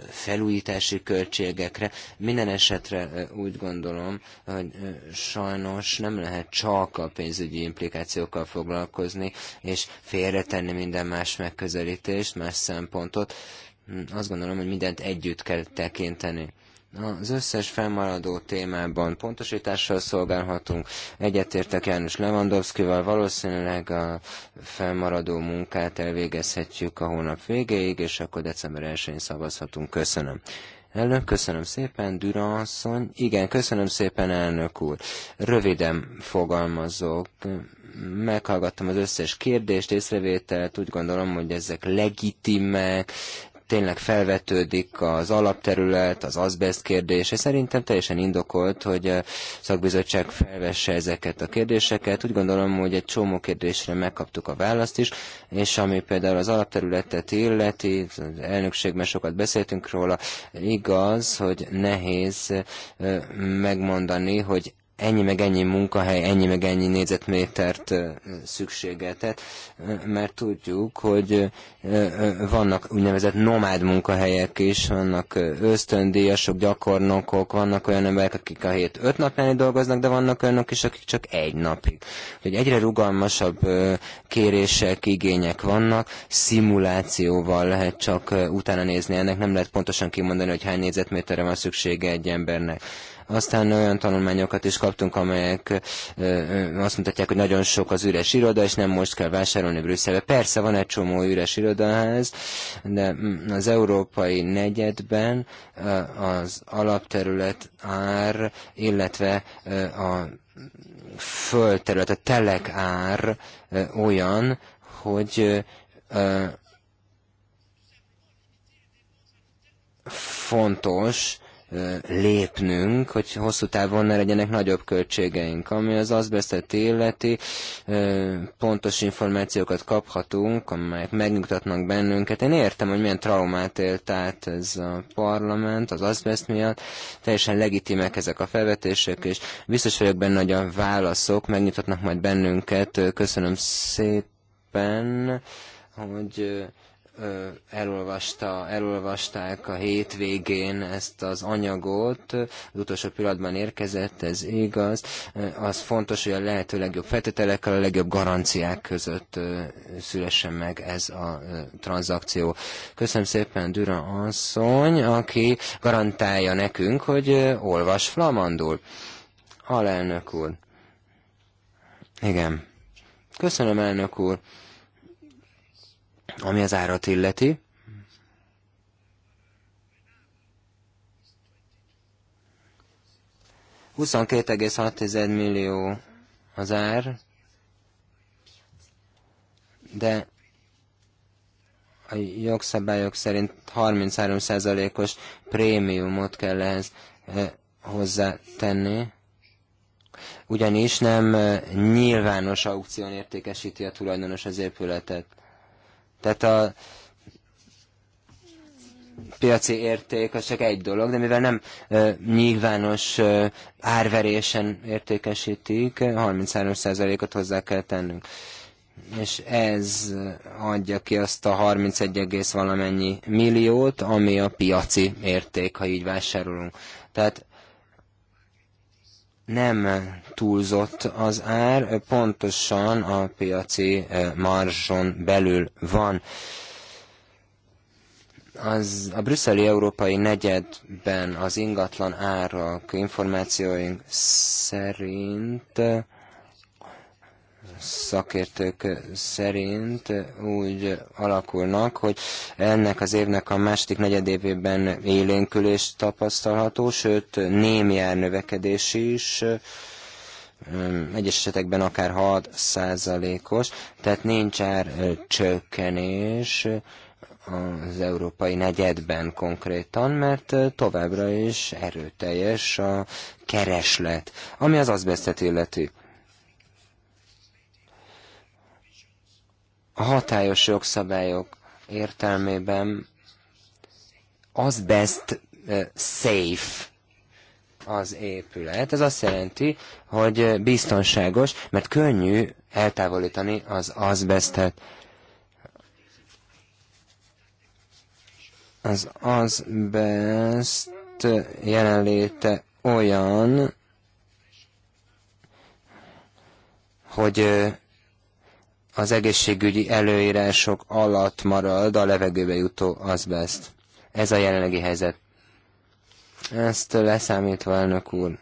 felújítási költségekre. Minden esetre úgy gondolom, hogy sajnos nem lehet csak a pénzügyi implikációkkal foglalkozni, és félretenni minden más megközelítést, más szempontot. Hm, azt gondolom, hogy mindent együtt kell tekinteni. Az összes fennmaradó témában pontosítással szolgálhatunk. Egyetértek János Lewandowskival, valószínűleg a fennmaradó munkát elvégezhetjük a hónap végéig, és akkor december 1-én szavazhatunk. Köszönöm. Elnök, köszönöm szépen, Düra asszony. Igen, köszönöm szépen, elnök úr. Röviden fogalmazok. Meghallgattam az összes kérdést, észrevételt, úgy gondolom, hogy ezek legitimek, tényleg felvetődik az alapterület, az azbest kérdése. Szerintem teljesen indokolt, hogy a szakbizottság felvesse ezeket a kérdéseket. Úgy gondolom, hogy egy csomó kérdésre megkaptuk a választ is, és ami például az alapterületet illeti, az elnökségben sokat beszéltünk róla, igaz, hogy nehéz megmondani, hogy ennyi meg ennyi munkahely, ennyi meg ennyi négyzetmétert szükségeltet, mert tudjuk, hogy vannak úgynevezett nomád munkahelyek is, vannak ösztöndíjasok, gyakornokok, vannak olyan emberek, akik a hét öt napján dolgoznak, de vannak olyanok is, akik csak egy napig. Hogy egyre rugalmasabb kérések, igények vannak, szimulációval lehet csak utána nézni ennek, nem lehet pontosan kimondani, hogy hány négyzetméterre van szüksége egy embernek. Aztán olyan tanulmányokat is kaptunk, amelyek azt mutatják, hogy nagyon sok az üres iroda, és nem most kell vásárolni Brüsszelbe. Persze van egy csomó üres irodaház, de az európai negyedben az alapterület ár, illetve a földterület, a telek ár olyan, hogy fontos lépnünk, hogy hosszú távon ne legyenek nagyobb költségeink. Ami az azbesztet illeti, pontos információkat kaphatunk, amelyek megnyugtatnak bennünket. Én értem, hogy milyen traumát élt át ez a parlament az azbest miatt. Teljesen legitimek ezek a felvetések, és biztos vagyok benne, hogy a válaszok megnyugtatnak majd bennünket. Köszönöm szépen, hogy elolvasta, elolvasták a hétvégén ezt az anyagot, az utolsó pillanatban érkezett, ez igaz. Az fontos, hogy a lehető legjobb feltételekkel, a legjobb garanciák között szülessen meg ez a tranzakció. Köszönöm szépen Düra asszony, aki garantálja nekünk, hogy olvas flamandul. Alelnök úr. Igen. Köszönöm, elnök úr. Ami az árat illeti, Huszonkét millió az ár, de a jogszabályok szerint 33%-os prémiumot kell ehhez eh, hozzátenni, ugyanis nem eh, nyilvános aukción értékesíti a tulajdonos az épületet. Tehát a piaci érték az csak egy dolog, de mivel nem ö, nyilvános ö, árverésen értékesítik, 33%-ot hozzá kell tennünk. És ez adja ki azt a 31, valamennyi milliót, ami a piaci érték, ha így vásárolunk. Tehát nem túlzott az ár, pontosan a piaci eh, marzson belül van. Az, a brüsszeli európai negyedben az ingatlan árak információink szerint eh, szakértők szerint úgy alakulnak, hogy ennek az évnek a második negyedévében élénkülés tapasztalható, sőt némi növekedés is, egyes esetekben akár 6 százalékos, tehát nincs ár csökkenés az európai negyedben konkrétan, mert továbbra is erőteljes a kereslet, ami az azbesztet illeti A hatályos jogszabályok értelmében az best eh, safe az épület. Ez azt jelenti, hogy biztonságos, mert könnyű eltávolítani az azbestet. Az azbest jelenléte olyan, hogy eh, az egészségügyi előírások alatt marad a levegőbe jutó azbest. Ez a jelenlegi helyzet. Ezt leszámítva, elnök úr.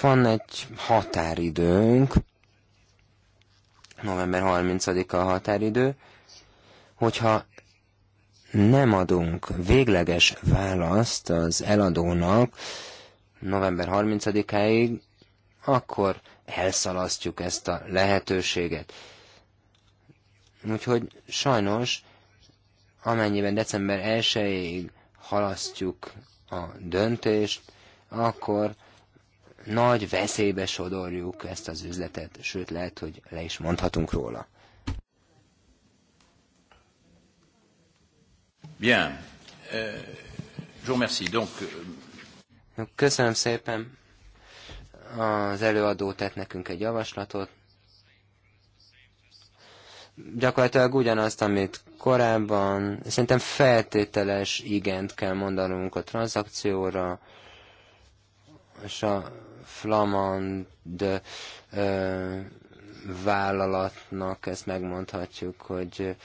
Van egy határidőnk, november 30-a a határidő, hogyha nem adunk végleges választ az eladónak november 30-áig, akkor elszalasztjuk ezt a lehetőséget. Úgyhogy sajnos, amennyiben december 1-ig halasztjuk a döntést, akkor nagy veszélybe sodorjuk ezt az üzletet, sőt lehet, hogy le is mondhatunk róla. Bien. Euh, je vous remercie. Donc... Euh, Köszönöm szépen. Az előadó tett nekünk egy javaslatot. Gyakorlatilag ugyanazt, amit korábban, szerintem feltételes igent kell mondanunk a tranzakcióra, és a flamand ö, vállalatnak ezt megmondhatjuk, hogy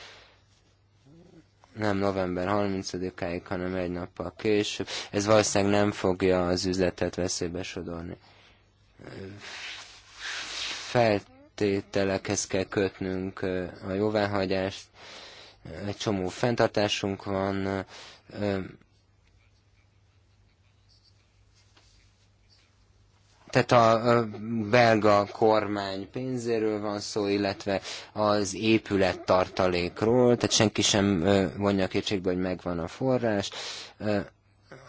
nem november 30-áig, hanem egy nappal később. Ez valószínűleg nem fogja az üzletet veszélybe sodorni feltételekhez kell kötnünk a jóváhagyást, egy csomó fenntartásunk van, tehát a belga kormány pénzéről van szó, illetve az épület tartalékról, tehát senki sem vonja kétségbe, hogy megvan a forrás.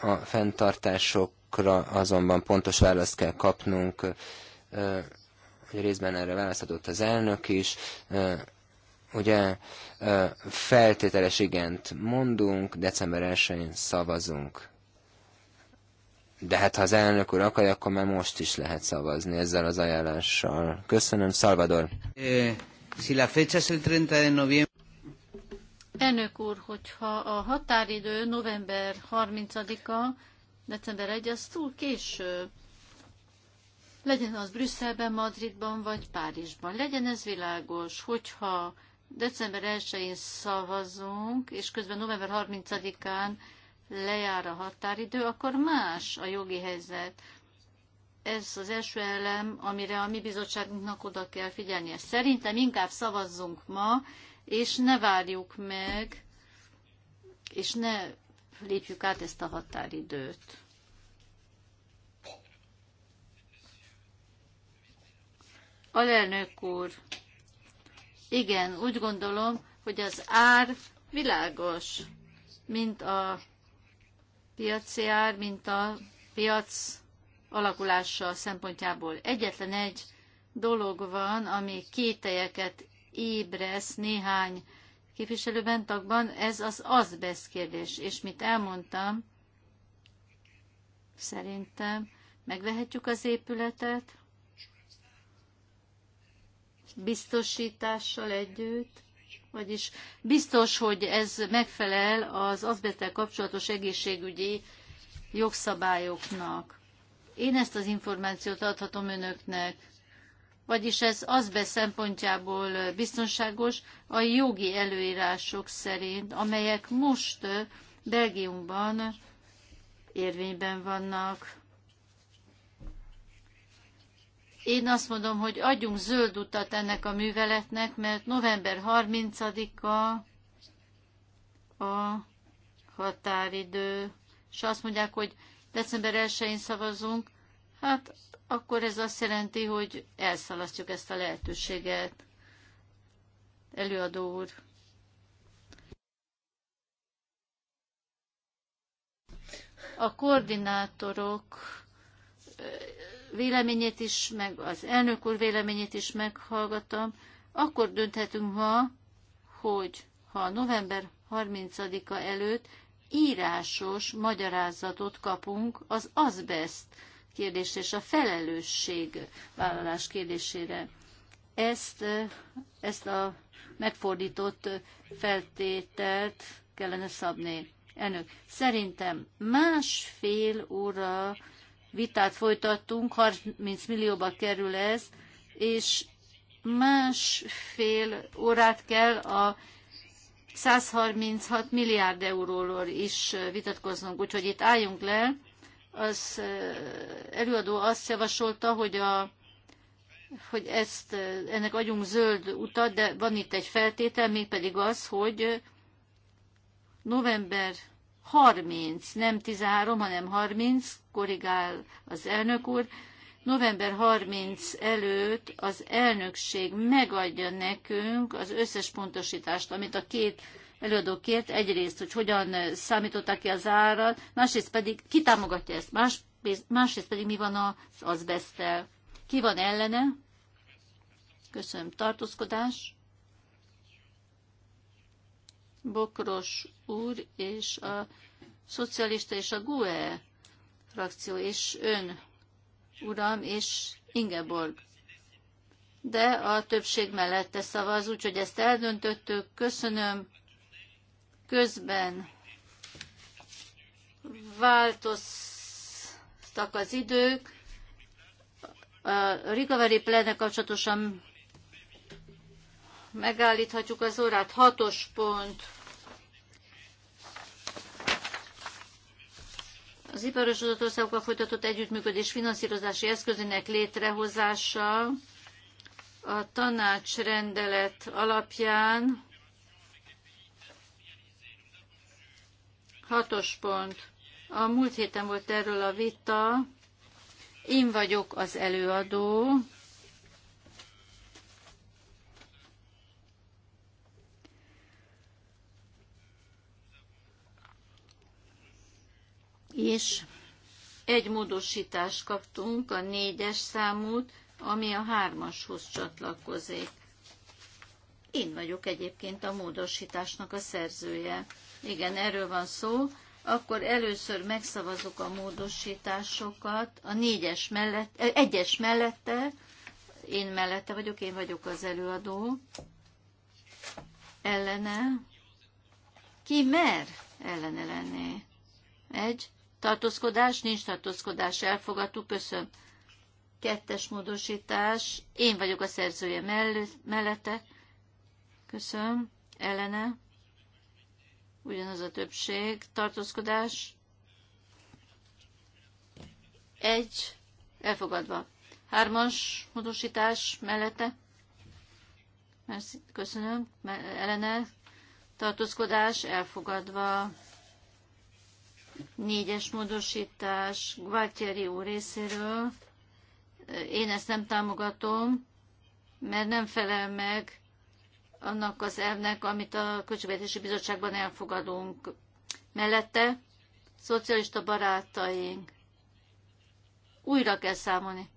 A fenntartások Kra azonban pontos választ kell kapnunk, hogy részben erre választhatott az elnök is, ugye feltételes igent mondunk, december 1-én szavazunk. De hát ha az elnök úr akarja, akkor már most is lehet szavazni ezzel az ajánlással. Köszönöm, Salvador. Eh, si la fecha es el 30 de noviembre... Elnök úr, hogyha a határidő november 30-a, december 1, az túl késő. Legyen az Brüsszelben, Madridban vagy Párizsban. Legyen ez világos, hogyha december 1-én szavazunk, és közben november 30-án lejár a határidő, akkor más a jogi helyzet. Ez az első elem, amire a mi bizottságunknak oda kell figyelnie. Szerintem inkább szavazzunk ma, és ne várjuk meg, és ne lépjük át ezt a határidőt. Alelnök úr, igen, úgy gondolom, hogy az ár világos, mint a piaci ár, mint a piac alakulása szempontjából. Egyetlen egy dolog van, ami kételyeket ébresz néhány képviselőben, tagban, ez az azbesz kérdés. És mit elmondtam, szerintem megvehetjük az épületet, biztosítással együtt, vagyis biztos, hogy ez megfelel az azbettel kapcsolatos egészségügyi jogszabályoknak. Én ezt az információt adhatom önöknek vagyis ez be szempontjából biztonságos a jogi előírások szerint, amelyek most Belgiumban érvényben vannak. Én azt mondom, hogy adjunk zöld utat ennek a műveletnek, mert november 30-a a határidő, és azt mondják, hogy december 1-én szavazunk, hát akkor ez azt jelenti, hogy elszalasztjuk ezt a lehetőséget. Előadó úr. A koordinátorok véleményét is, meg az elnök úr véleményét is meghallgattam. Akkor dönthetünk ma, hogy ha november 30-a előtt írásos magyarázatot kapunk az azbest kérdésre és a vállalás kérdésére. Ezt, ezt a megfordított feltételt kellene szabni. Elnök, szerintem másfél óra vitát folytattunk, 30 millióba kerül ez, és másfél órát kell a 136 milliárd euróról is vitatkoznunk, úgyhogy itt álljunk le, az eh, előadó azt javasolta, hogy, a, hogy ezt, eh, ennek adjunk zöld utat, de van itt egy feltétel, mégpedig az, hogy november 30, nem 13, hanem 30, korrigál az elnök úr, november 30 előtt az elnökség megadja nekünk az összes pontosítást, amit a két előadókért. Egyrészt, hogy hogyan eh, számították ki az árat, másrészt pedig ki támogatja ezt, más, másrészt pedig mi van az azbesztel. Ki van ellene? Köszönöm. Tartózkodás? Bokros úr és a szocialista és a GUE frakció, és ön, uram, és Ingeborg. De a többség mellette szavaz, úgyhogy ezt eldöntöttük. Köszönöm közben változtak az idők. A recovery plan kapcsolatosan megállíthatjuk az órát. Hatos pont. Az iparosodott országokkal folytatott együttműködés finanszírozási eszközének létrehozása a tanácsrendelet alapján Hatos pont. A múlt héten volt erről a vita. Én vagyok az előadó. És egy módosítást kaptunk, a négyes számút, ami a hármashoz csatlakozik. Én vagyok egyébként a módosításnak a szerzője. Igen, erről van szó. Akkor először megszavazok a módosításokat. A négyes mellett, egyes mellette, én mellette vagyok, én vagyok az előadó. Ellene. Ki mer ellene lenni? Egy. Tartózkodás, nincs tartózkodás, elfogadó, köszönöm kettes módosítás, én vagyok a szerzője mellette, köszönöm, ellene, ugyanaz a többség, tartózkodás, egy, elfogadva. Hármas módosítás mellette, Merci, köszönöm, ellene, tartózkodás, elfogadva. Négyes módosítás, Gvártyeri úr részéről, én ezt nem támogatom, mert nem felel meg annak az elvnek, amit a Költségvetési Bizottságban elfogadunk. Mellette szocialista barátaink újra kell számolni.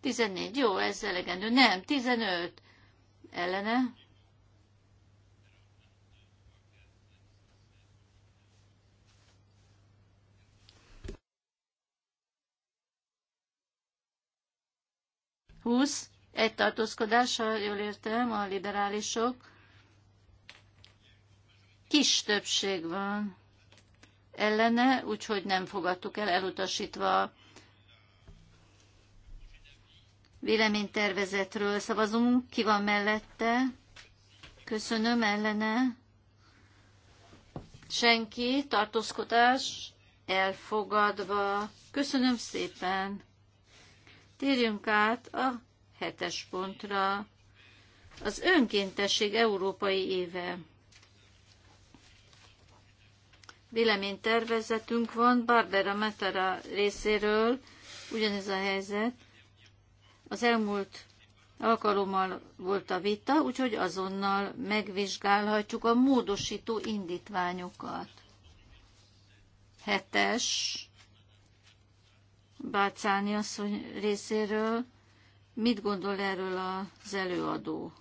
Tizennégy, jó, ez elegendő. Nem, tizenöt. Ellene. 20, egy tartózkodása, jól értem, a liberálisok. Kis többség van ellene, úgyhogy nem fogadtuk el, elutasítva véleménytervezetről szavazunk. Ki van mellette? Köszönöm, ellene. Senki, tartózkodás elfogadva. Köszönöm szépen. Térjünk át a hetes pontra. Az önkéntesség európai éve. tervezetünk van Barbara metara részéről, ugyanez a helyzet. Az elmúlt alkalommal volt a vita, úgyhogy azonnal megvizsgálhatjuk a módosító indítványokat. Hetes Bácáni asszony részéről. Mit gondol erről az előadó?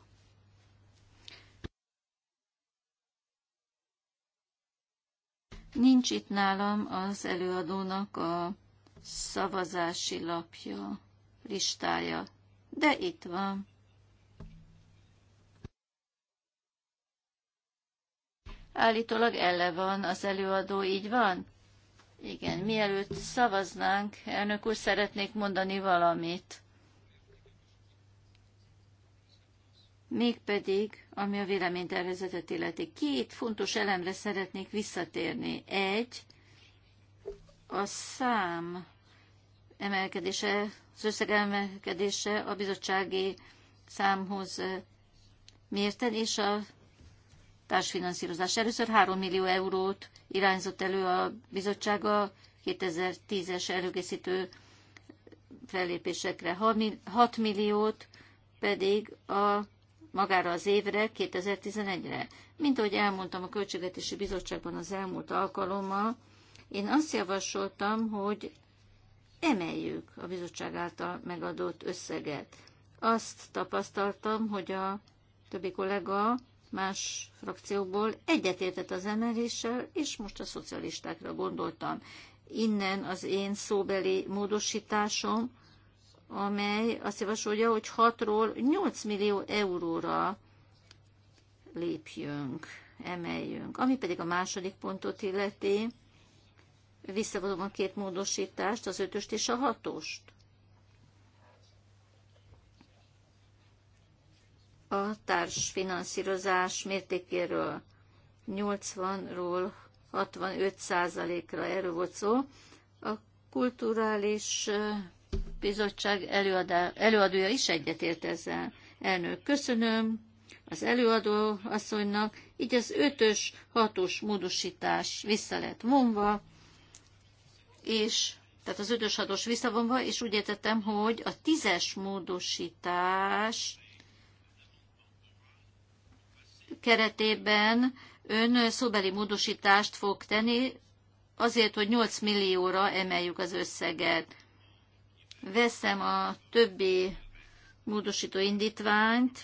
Nincs itt nálam az előadónak a szavazási lapja, listája, de itt van. Állítólag elle van az előadó, így van? Igen, mielőtt szavaznánk, elnök úr, szeretnék mondani valamit. Mégpedig, ami a véleménytervezetet illeti, két fontos elemre szeretnék visszatérni. Egy, a szám emelkedése, az összeg emelkedése a bizottsági számhoz mérten, és a társfinanszírozás. Először 3 millió eurót irányzott elő a bizottság a 2010-es előkészítő fellépésekre, 6 milliót pedig a magára az évre, 2011-re. Mint ahogy elmondtam a Költségvetési Bizottságban az elmúlt alkalommal, én azt javasoltam, hogy emeljük a bizottság által megadott összeget. Azt tapasztaltam, hogy a többi kollega más frakciókból egyetértett az emeléssel, és most a szocialistákra gondoltam. Innen az én szóbeli módosításom, amely azt javasolja, hogy 6-ról 8 millió euróra lépjünk, emeljünk. Ami pedig a második pontot illeti, visszavonom a két módosítást, az ötöst és a hatost. a társfinanszírozás mértékéről 80-ról 65%-ra erről volt szó. A kulturális bizottság előadá, előadója is egyetért ezzel. Elnök, köszönöm az előadó asszonynak, így az ötös, hatos módosítás vissza lett vonva, és tehát az ötös, hatos visszavonva, és úgy értettem, hogy a tízes módosítást keretében ön szóbeli módosítást fog tenni, azért, hogy 8 millióra emeljük az összeget. Veszem a többi módosító indítványt.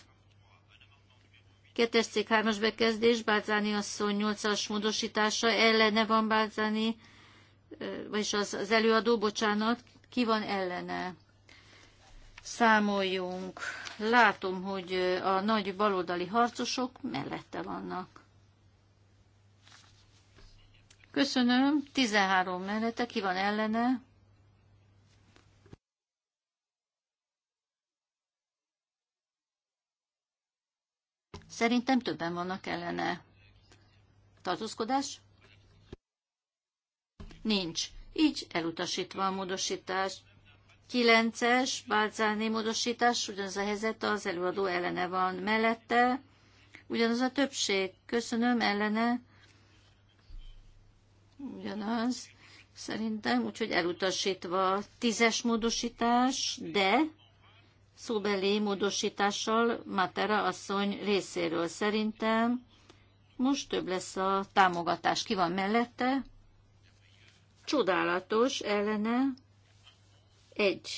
2-es cikk 3-as bekezdés, Bálzáni asszony 8-as módosítása, ellene van Bálzáni, vagyis az, az előadó, bocsánat, ki van ellene? számoljunk. Látom, hogy a nagy baloldali harcosok mellette vannak. Köszönöm, 13 mellette, ki van ellene? Szerintem többen vannak ellene. Tartózkodás? Nincs. Így elutasítva a módosítást. 9-es Balcáni módosítás, ugyanaz a helyzet, az előadó ellene van mellette, ugyanaz a többség, köszönöm, ellene, ugyanaz, szerintem, úgyhogy elutasítva 10-es módosítás, de szóbeli módosítással Matera asszony részéről szerintem most több lesz a támogatás. Ki van mellette? Csodálatos, ellene, egy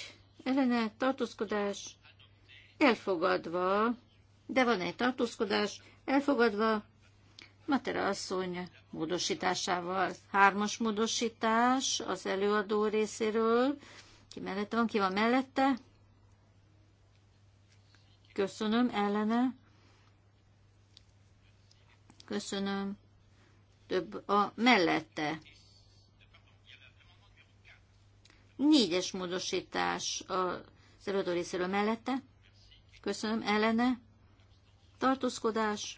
ellene tartózkodás elfogadva, de van egy tartózkodás elfogadva Matera asszony módosításával. Hármas módosítás az előadó részéről. Ki mellette van, ki van mellette? Köszönöm, ellene. Köszönöm. Több a mellette. Négyes módosítás a előadó részéről mellette. Köszönöm. Ellene. Tartózkodás.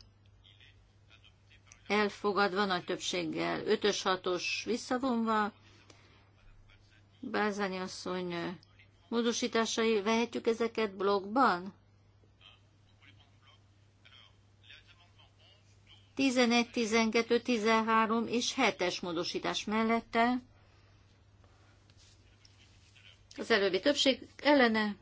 Elfogadva nagy többséggel. Ötös, hatos visszavonva. Bázányi asszony módosításai, vehetjük ezeket blogban? 11, 12, 13 és 7-es módosítás mellette az előbbi többség ellene,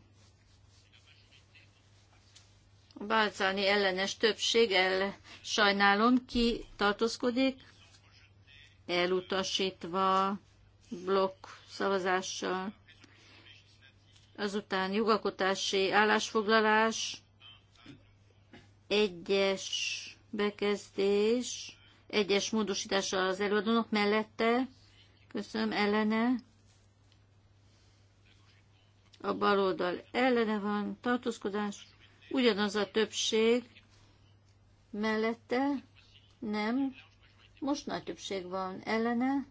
a Balcáni ellenes többség, el, sajnálom, ki tartózkodik, elutasítva blokk szavazással. Azután jogalkotási állásfoglalás, egyes bekezdés, egyes módosítása az előadónak mellette, köszönöm, ellene, a baloldal ellene van, tartózkodás, ugyanaz a többség mellette, nem, most nagy többség van ellene,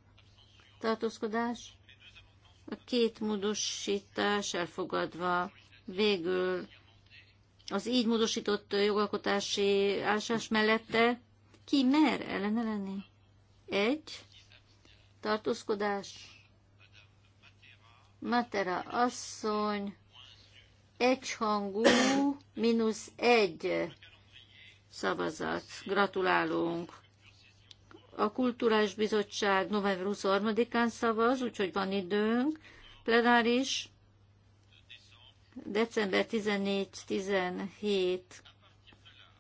tartózkodás, a két módosítás elfogadva, végül az így módosított jogalkotási állás mellette ki mer ellene lenni? Egy, tartózkodás, Matera asszony, egyhangú, mínusz egy szavazat. Gratulálunk! A Kulturális Bizottság november 23-án szavaz, úgyhogy van időnk. Plenáris december 14-17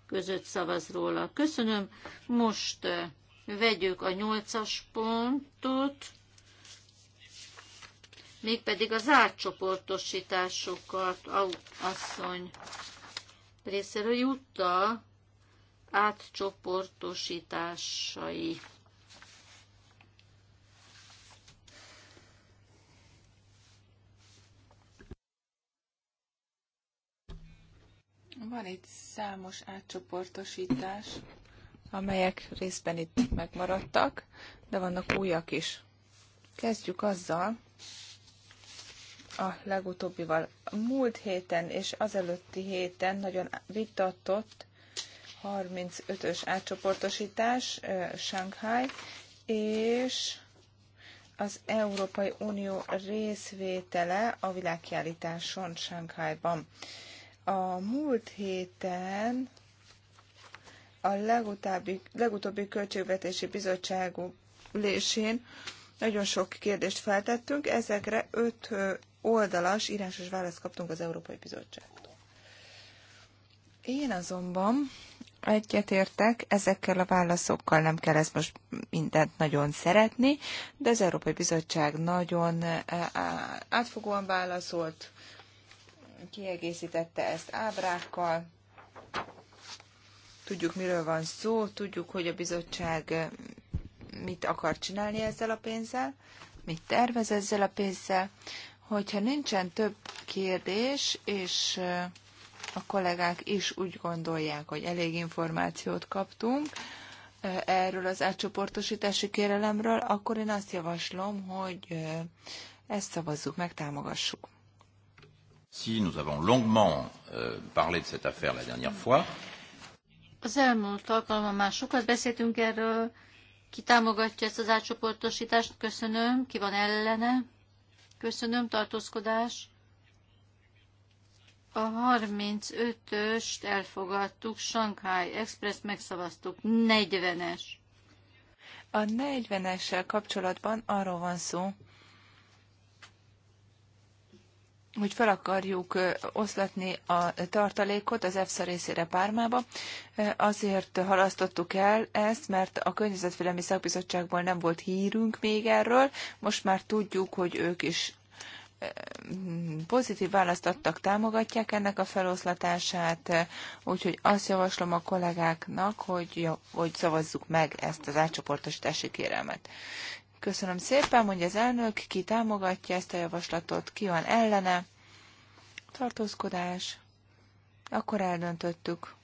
között szavaz róla. Köszönöm. Most eh, vegyük a nyolcas pontot mégpedig az átcsoportosításokat asszony részéről jutta átcsoportosításai. Van itt számos átcsoportosítás, amelyek részben itt megmaradtak, de vannak újak is. Kezdjük azzal, a legutóbbival. Múlt héten és azelőtti héten nagyon vitatott 35-ös átcsoportosítás Shanghai, és az Európai Unió részvétele a világkiállításon Sánkhájban. A múlt héten a legutóbbi, legutóbbi Költségvetési bizottságú ülésén nagyon sok kérdést feltettünk, ezekre öt oldalas írásos választ kaptunk az Európai Bizottságtól. Én azonban egyetértek, ezekkel a válaszokkal nem kell ezt most mindent nagyon szeretni, de az Európai Bizottság nagyon eh, átfogóan válaszolt, kiegészítette ezt ábrákkal, tudjuk, miről van szó, tudjuk, hogy a bizottság eh, mit akar csinálni ezzel a pénzzel, mit tervez ezzel a pénzzel, Hogyha nincsen több kérdés, és a kollégák is úgy gondolják, hogy elég információt kaptunk erről az átcsoportosítási kérelemről, akkor én azt javaslom, hogy ezt szavazzuk meg, támogassuk. Si nous avons longuement euh, parlé de cette affaire la dernière fois. Az elmúlt alkalommal már sokat beszéltünk erről. Ki támogatja ezt az átcsoportosítást? Köszönöm. Ki van ellene? Köszönöm, tartózkodás. A 35-öst elfogadtuk, Shanghai Express megszavaztuk, 40-es. A 40-essel kapcsolatban arról van szó, hogy fel akarjuk oszlatni a tartalékot az EFSA részére Pármába. Azért halasztottuk el ezt, mert a Környezetvédelmi Szakbizottságból nem volt hírünk még erről. Most már tudjuk, hogy ők is pozitív választ adtak, támogatják ennek a feloszlatását, úgyhogy azt javaslom a kollégáknak, hogy, hogy szavazzuk meg ezt az átcsoportosítási kérelmet. Köszönöm szépen, mondja az elnök, ki támogatja ezt a javaslatot, ki van ellene. Tartózkodás. Akkor eldöntöttük.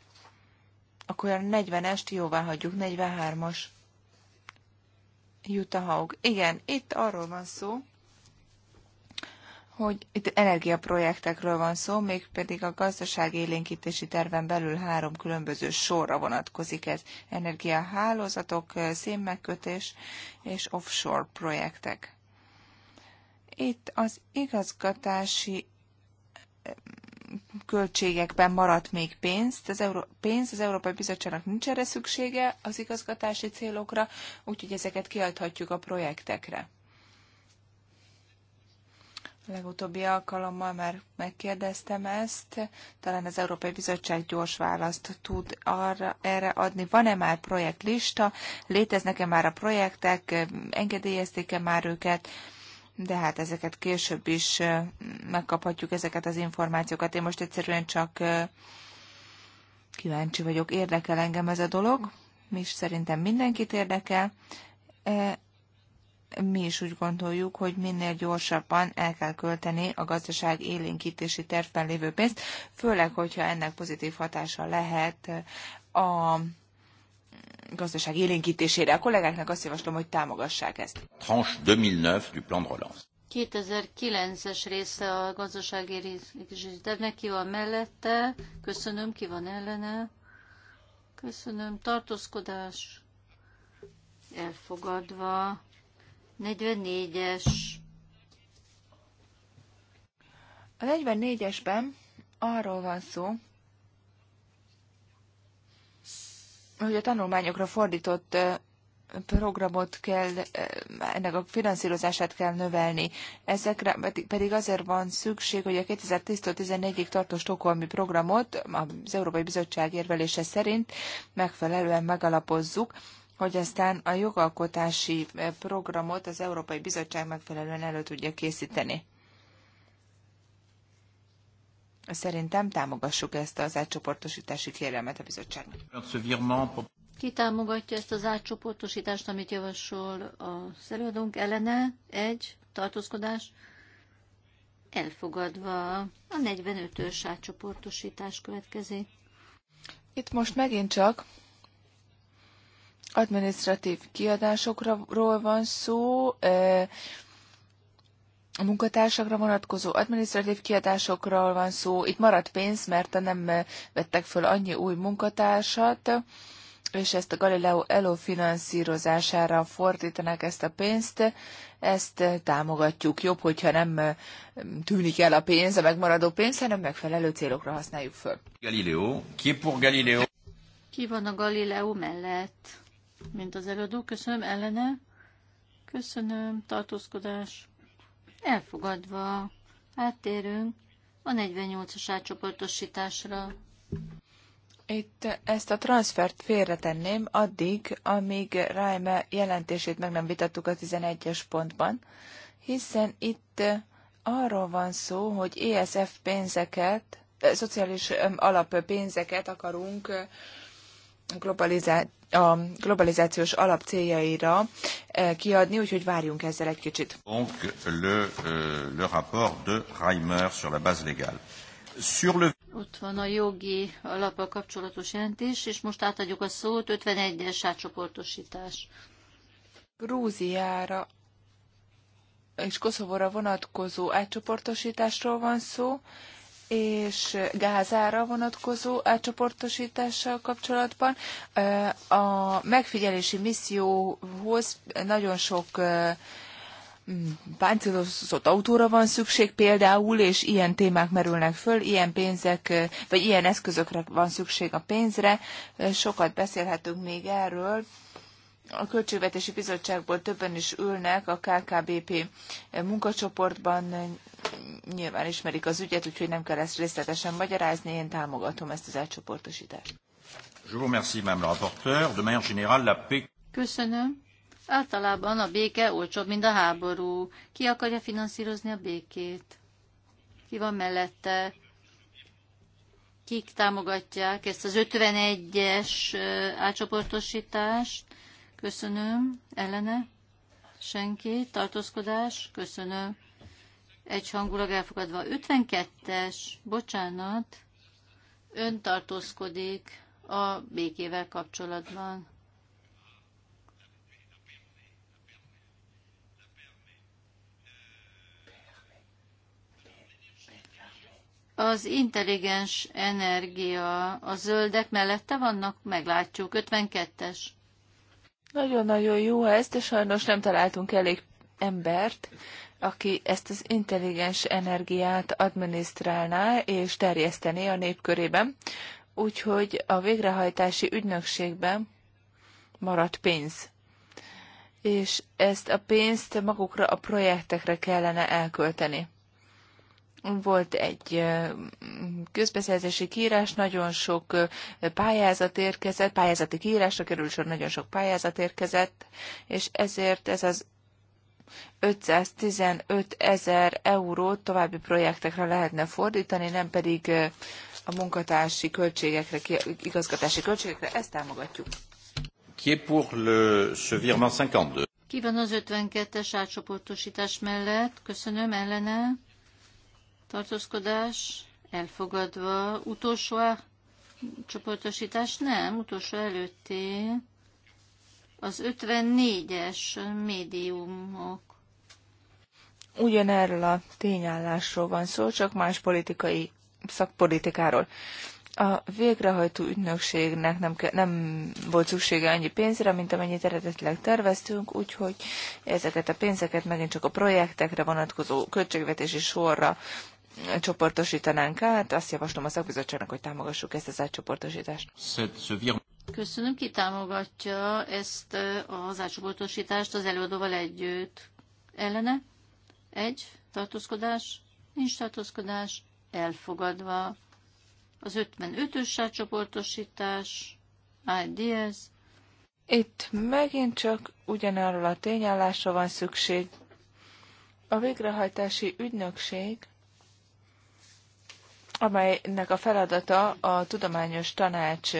Akkor a 40-est jóvá hagyjuk, 43-as. Jutta Haug. Igen, itt arról van szó, hogy itt energiaprojektekről van szó, mégpedig a gazdaság élénkítési terven belül három különböző sorra vonatkozik ez. Energiahálózatok, szénmegkötés és offshore projektek. Itt az igazgatási költségekben maradt még pénzt. Az Euró- pénz az Európai Bizottságnak nincs erre szüksége az igazgatási célokra, úgyhogy ezeket kiadhatjuk a projektekre. Legutóbbi alkalommal már megkérdeztem ezt, talán az Európai Bizottság gyors választ tud arra, erre adni. Van-e már projektlista, léteznek-e már a projektek, engedélyezték-e már őket, de hát ezeket később is megkaphatjuk, ezeket az információkat. Én most egyszerűen csak kíváncsi vagyok, érdekel engem ez a dolog, és szerintem mindenkit érdekel e, mi is úgy gondoljuk, hogy minél gyorsabban el kell költeni a gazdaság élénkítési tervben lévő pénzt, főleg, hogyha ennek pozitív hatása lehet a gazdaság élénkítésére. A kollégáknak azt javaslom, hogy támogassák ezt. Tranche 2009 plan de relance. 2009-es része a élénkítési tervnek ki van mellette, köszönöm, ki van ellene, köszönöm, tartózkodás elfogadva 44-es. A 44-esben arról van szó, hogy a tanulmányokra fordított programot kell, ennek a finanszírozását kell növelni. Ezekre pedig azért van szükség, hogy a 2010-14-ig tartó stokholmi programot az Európai Bizottság érvelése szerint megfelelően megalapozzuk, hogy aztán a jogalkotási eh, programot az Európai Bizottság megfelelően elő tudja készíteni. Szerintem támogassuk ezt az átcsoportosítási kérelmet a bizottságnak. Ki támogatja ezt az átcsoportosítást, amit javasol a előadónk ellene? Egy, tartózkodás. Elfogadva a 45-ös átcsoportosítás következik. Itt most megint csak Administratív kiadásokról van szó, a munkatársakra vonatkozó administratív kiadásokról van szó. Itt maradt pénz, mert nem vettek föl annyi új munkatársat, és ezt a Galileo ELO finanszírozására ezt a pénzt. Ezt támogatjuk. Jobb, hogyha nem tűnik el a pénz, a megmaradó pénz, hanem megfelelő célokra használjuk föl. Galileo, ki pour Galileo? Ki van a Galileo mellett? mint az előadó. Köszönöm, ellene. Köszönöm, tartózkodás. Elfogadva. Áttérünk a 48-as átcsoportosításra. Itt ezt a transfert félretenném addig, amíg Ráime jelentését meg nem vitattuk a 11-es pontban, hiszen itt arról van szó, hogy ESF pénzeket, eh, szociális alap pénzeket akarunk eh, globalizált a globalizációs alap céljaira eh, kiadni, úgyhogy várjunk ezzel egy kicsit. Donc le, euh, le rapport de Reimer sur la base légale. Sur le... Ott van a jogi alapok kapcsolatos jelentés, és most átadjuk a szót 51-es átcsoportosítás. Grúziára és Koszovóra vonatkozó átcsoportosításról van szó és Gázára vonatkozó átcsoportosítással kapcsolatban. A megfigyelési misszióhoz nagyon sok páncélozott autóra van szükség például, és ilyen témák merülnek föl, ilyen pénzek, vagy ilyen eszközökre van szükség a pénzre. Sokat beszélhetünk még erről, a Költségvetési Bizottságból többen is ülnek a KKBP munkacsoportban, nyilván ismerik az ügyet, úgyhogy nem kell ezt részletesen magyarázni, én támogatom ezt az elcsoportosítást. Köszönöm. Általában a béke olcsóbb, mint a háború. Ki akarja finanszírozni a békét? Ki van mellette? Kik támogatják ezt az 51-es átcsoportosítást? Köszönöm. Ellene? Senki. Tartózkodás? Köszönöm. egy hangulag elfogadva. 52-es. Bocsánat. Ön tartózkodik a békével kapcsolatban. Az intelligens energia, a zöldek mellette vannak, meglátjuk, 52-es. Nagyon-nagyon jó ez, de sajnos nem találtunk elég embert, aki ezt az intelligens energiát adminisztrálná és terjesztené a népkörében, úgyhogy a végrehajtási ügynökségben maradt pénz. És ezt a pénzt magukra a projektekre kellene elkölteni volt egy közbeszerzési kiírás, nagyon sok pályázat érkezett, pályázati kiírásra kerül sor, nagyon sok pályázat érkezett, és ezért ez az 515 ezer eurót további projektekre lehetne fordítani, nem pedig a munkatársi költségekre, igazgatási költségekre. Ezt támogatjuk. Ki pour le, ce virement 52? Ki van az 52-es átcsoportosítás mellett? Köszönöm, ellene tartózkodás elfogadva, utolsó csoportosítás nem, utolsó előtti az 54-es médiumok. Ugyanerről a tényállásról van szó, csak más politikai szakpolitikáról. A végrehajtó ügynökségnek nem, ke- nem volt szüksége annyi pénzre, mint amennyit eredetileg terveztünk, úgyhogy ezeket a pénzeket megint csak a projektekre vonatkozó költségvetési sorra csoportosítanánk át. Azt javaslom a szakbizottságnak, hogy támogassuk ezt az átcsoportosítást. Köszönöm, ki támogatja ezt az átcsoportosítást az előadóval együtt. Ellene? Egy, tartózkodás, nincs tartózkodás, elfogadva. Az 55-ös átcsoportosítás, IDS. Itt megint csak ugyanarról a tényállásra van szükség. A végrehajtási ügynökség amelynek a feladata a tudományos tanács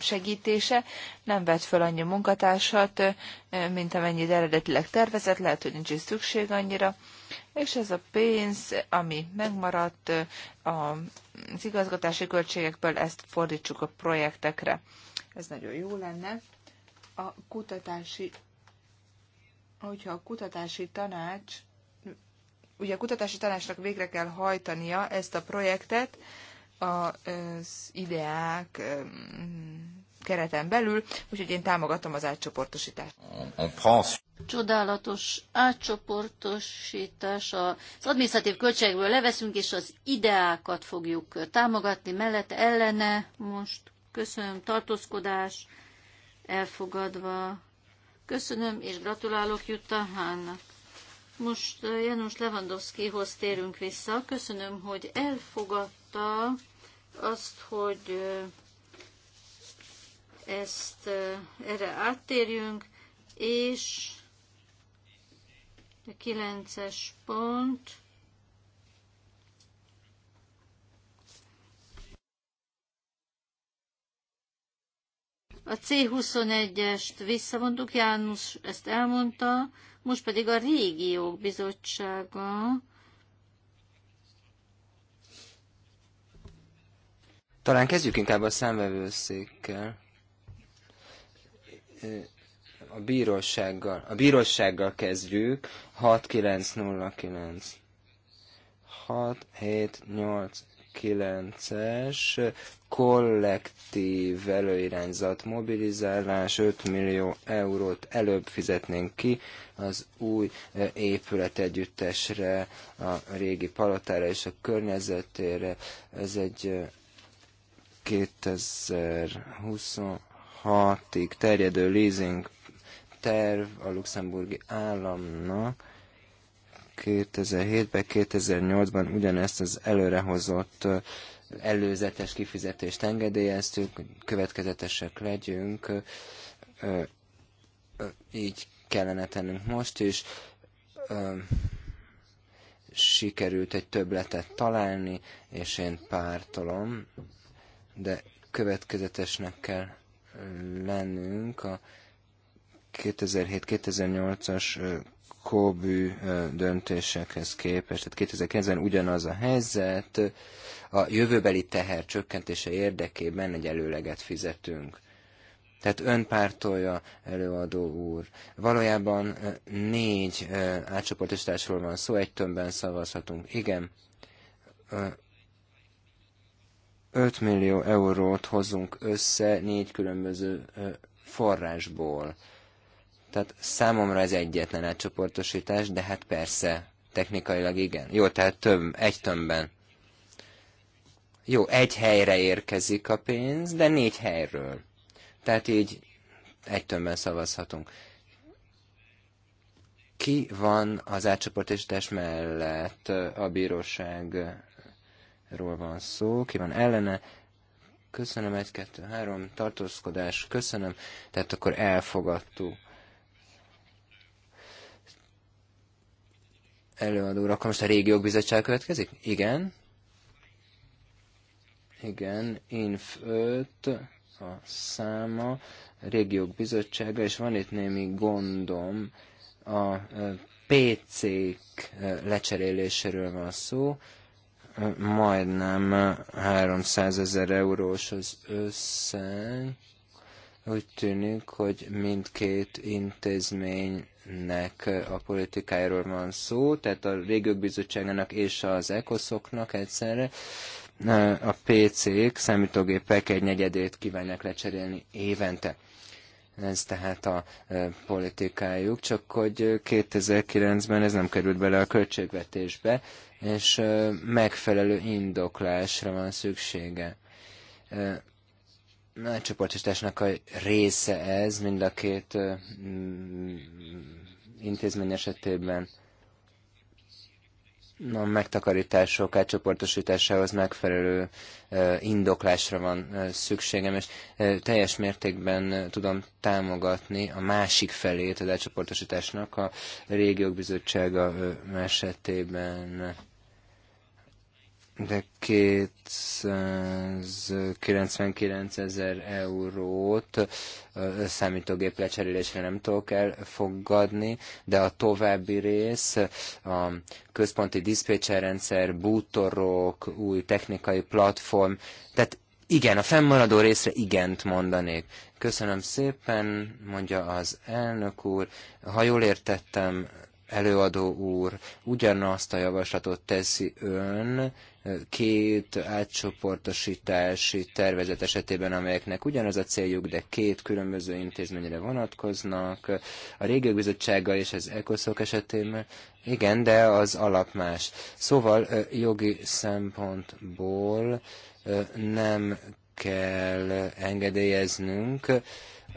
segítése, nem vett föl annyi munkatársat, mint amennyit eredetileg tervezett, lehet, hogy nincs is szükség annyira, és ez a pénz, ami megmaradt az igazgatási költségekből, ezt fordítsuk a projektekre. Ez nagyon jó lenne. A kutatási, hogyha a kutatási tanács ugye a kutatási tanácsnak végre kell hajtania ezt a projektet az ideák mm, kereten belül, úgyhogy én támogatom az átcsoportosítást. Csodálatos átcsoportosítás. Az adminisztratív költségből leveszünk, és az ideákat fogjuk támogatni mellett ellene. Most köszönöm, tartózkodás elfogadva. Köszönöm, és gratulálok Jutta Hánnak. Most eh, János Lewandowskihoz térünk vissza. Köszönöm, hogy elfogadta azt, hogy eh, ezt eh, erre áttérjünk, és a kilences pont. A C21-est visszavontuk, János ezt elmondta, most pedig a régiók bizottsága. Talán kezdjük inkább a számvevőszékkel. A bírósággal. A bírósággal kezdjük. 6909. 6, 7, 8, 9-es kollektív előirányzat mobilizálás, 5 millió eurót előbb fizetnénk ki az új e, épület együttesre a régi palotára és a környezetére. Ez egy 2026-ig e, terjedő leasing terv a luxemburgi államnak, 2007-ben, 2008-ban ugyanezt az előrehozott előzetes kifizetést engedélyeztük, következetesek legyünk, így kellene tennünk most is. Sikerült egy többletet találni, és én pártolom, de következetesnek kell lennünk a 2007-2008-as kóbű döntésekhez képest, tehát 2009-ben ugyanaz a helyzet, a jövőbeli teher csökkentése érdekében egy előleget fizetünk. Tehát önpártolja előadó úr. Valójában négy átcsoportosításról van szó, egy tömbben szavazhatunk. Igen, 5 millió eurót hozunk össze négy különböző forrásból tehát számomra ez egyetlen átcsoportosítás, de hát persze, technikailag igen. Jó, tehát több, egy tömbben. Jó, egy helyre érkezik a pénz, de négy helyről. Tehát így egy tömbben szavazhatunk. Ki van az átcsoportosítás mellett a bíróságról van szó, ki van ellene, köszönöm, egy, kettő, három, tartózkodás, köszönöm, tehát akkor elfogadtuk. előadóra, akkor most a régiók bizottság következik? Igen. Igen, INF 5 a száma, régiók bizottsága, és van itt némi gondom, a PC-k lecseréléséről van szó, majdnem 300 ezer eurós az összeg. Úgy tűnik, hogy mindkét intézmény nek a politikájáról van szó, tehát a régiók bizottságának és az ECOSZoknak egyszerre. A PC-k, számítógépek egy negyedét kívánják lecserélni évente ez tehát a e, politikájuk, csak hogy 2009-ben ez nem került bele a költségvetésbe, és e, megfelelő indoklásra van szüksége. E, nagy csoportosításnak a része ez mind a két mm, intézmény esetében a megtakarítások átcsoportosításához megfelelő indoklásra van szükségem, és teljes mértékben tudom támogatni a másik felét az átcsoportosításnak a régiók bizottsága esetében de 299 ezer eurót számítógép lecserélésre nem tudok elfogadni, de a további rész a központi diszpécserrendszer, bútorok, új technikai platform, tehát igen, a fennmaradó részre igent mondanék. Köszönöm szépen, mondja az elnök úr. Ha jól értettem, előadó úr, ugyanazt a javaslatot teszi ön, két átcsoportosítási tervezet esetében, amelyeknek ugyanaz a céljuk, de két különböző intézményre vonatkoznak. A régiók bizottsága és az ECOSZOK esetében igen, de az alap más. Szóval jogi szempontból nem kell engedélyeznünk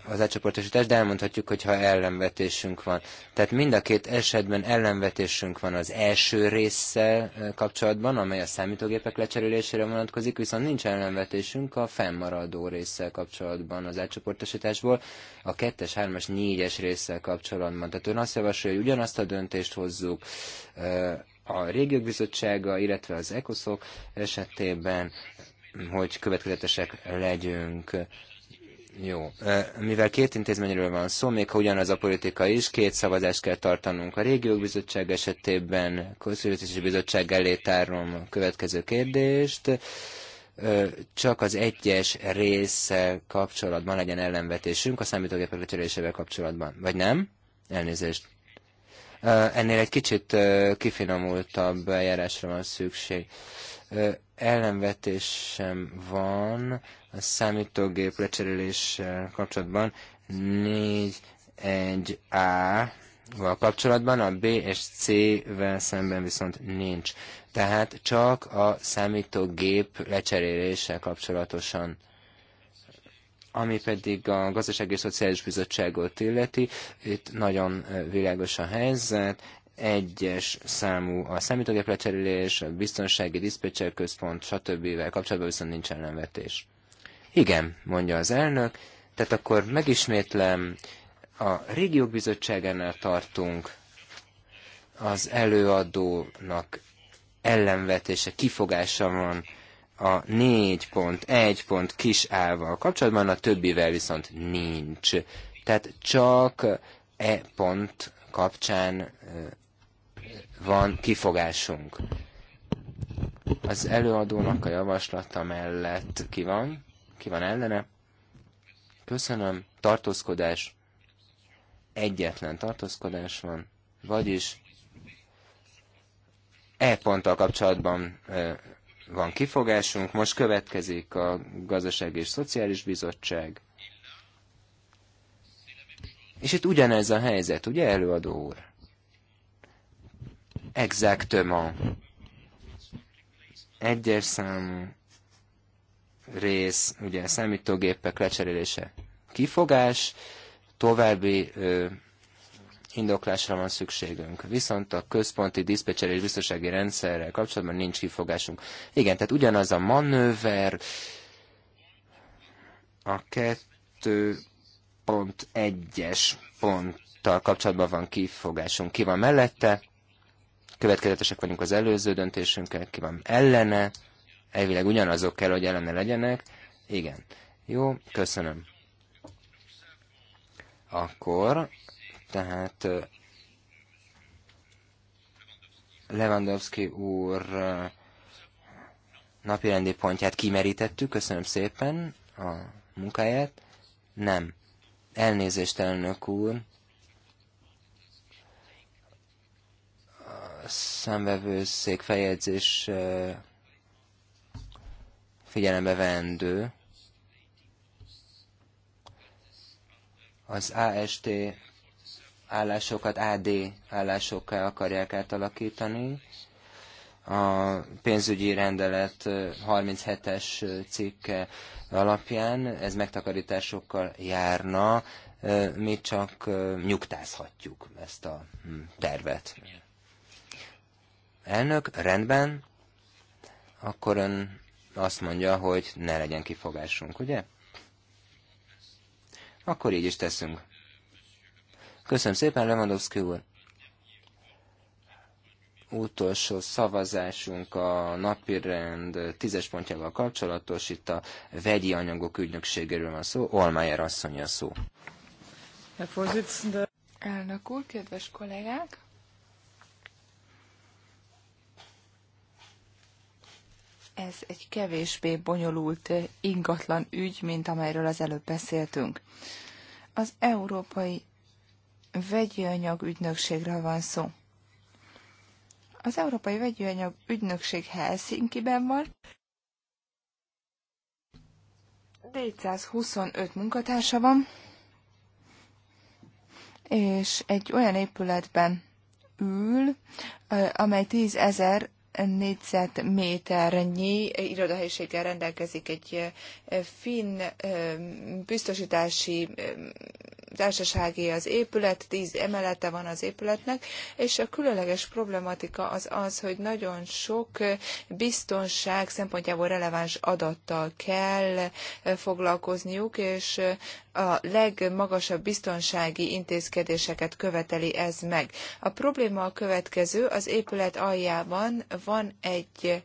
az átcsoportosítás, de elmondhatjuk, hogyha ellenvetésünk van. Tehát mind a két esetben ellenvetésünk van az első résszel kapcsolatban, amely a számítógépek lecserélésére vonatkozik, viszont nincs ellenvetésünk a fennmaradó résszel kapcsolatban az átcsoportosításból, a kettes, hármas, négyes résszel kapcsolatban. Tehát ön azt javasolja, hogy ugyanazt a döntést hozzuk, a régiók bizottsága, illetve az ECOSZOK esetében, hogy következetesek legyünk. Jó. Mivel két intézményről van szó, még ha ugyanaz a politika is, két szavazást kell tartanunk a régiók bizottság esetében, közszülőtési bizottság elé tárom a következő kérdést. Csak az egyes résszel kapcsolatban legyen ellenvetésünk a számítógépek lecserésével kapcsolatban, vagy nem? Elnézést. Ennél egy kicsit kifinomultabb eljárásra van szükség ellenvetésem van a számítógép lecseréléssel kapcsolatban egy a val kapcsolatban, a B és C-vel szemben viszont nincs. Tehát csak a számítógép lecseréléssel kapcsolatosan ami pedig a Gazdasági és Szociális Bizottságot illeti, itt nagyon világos a helyzet, egyes számú a számítógép lecserélés, a biztonsági diszpecser központ, stb. kapcsolatban viszont nincs ellenvetés. Igen, mondja az elnök, tehát akkor megismétlem, a régiók bizottságánál tartunk, az előadónak ellenvetése, kifogása van a 4.1. pont, pont kis ával kapcsolatban, a többivel viszont nincs. Tehát csak e pont kapcsán van kifogásunk. Az előadónak a javaslata mellett ki van? Ki van ellene? Köszönöm. Tartózkodás. Egyetlen tartózkodás van. Vagyis e ponttal kapcsolatban van kifogásunk. Most következik a Gazdasági és Szociális Bizottság. És itt ugyanez a helyzet, ugye előadó úr? Exactement. Egyes számú rész, ugye számítógépek lecserélése kifogás, további ö, indoklásra van szükségünk. Viszont a központi diszpecserés biztonsági rendszerrel kapcsolatban nincs kifogásunk. Igen, tehát ugyanaz a manőver, a 2.1-es ponttal kapcsolatban van kifogásunk. Ki van mellette? Következetesek vagyunk az előző döntésünkkel, ki van ellene? elvileg ugyanazok kell, hogy ellene legyenek. Igen. Jó, köszönöm. Akkor, tehát Lewandowski úr napirendi pontját kimerítettük, köszönöm szépen a munkáját. Nem. Elnézést, elnök úr. A szemvevőszék feljegyzés figyelembe vendő. Az AST állásokat AD állásokká akarják átalakítani. A pénzügyi rendelet 37-es cikke alapján ez megtakarításokkal járna, mi csak nyugtázhatjuk ezt a tervet. Elnök, rendben, akkor ön azt mondja, hogy ne legyen kifogásunk, ugye? Akkor így is teszünk. Köszönöm szépen, Lewandowski úr! utolsó szavazásunk a rend tízes pontjával kapcsolatos. Itt a vegyi anyagok ügynökségéről van szó. Olmájer asszony a szó. Elnök úr, kedves kollégák! ez egy kevésbé bonyolult ingatlan ügy, mint amelyről az előbb beszéltünk. Az Európai Vegyi Anyag Ügynökségről van szó. Az Európai Vegyi Anyag Ügynökség Helsinki-ben van. 425 munkatársa van, és egy olyan épületben ül, amely 10 ezer négyzetméternyi irodahelyiséggel rendelkezik egy eh, finn eh, biztosítási eh, társasági az épület, tíz emelete van az épületnek, és a különleges problematika az az, hogy nagyon sok biztonság szempontjából releváns adattal kell eh, foglalkozniuk, és eh, a legmagasabb biztonsági intézkedéseket követeli ez meg. A probléma a következő, az épület aljában van egy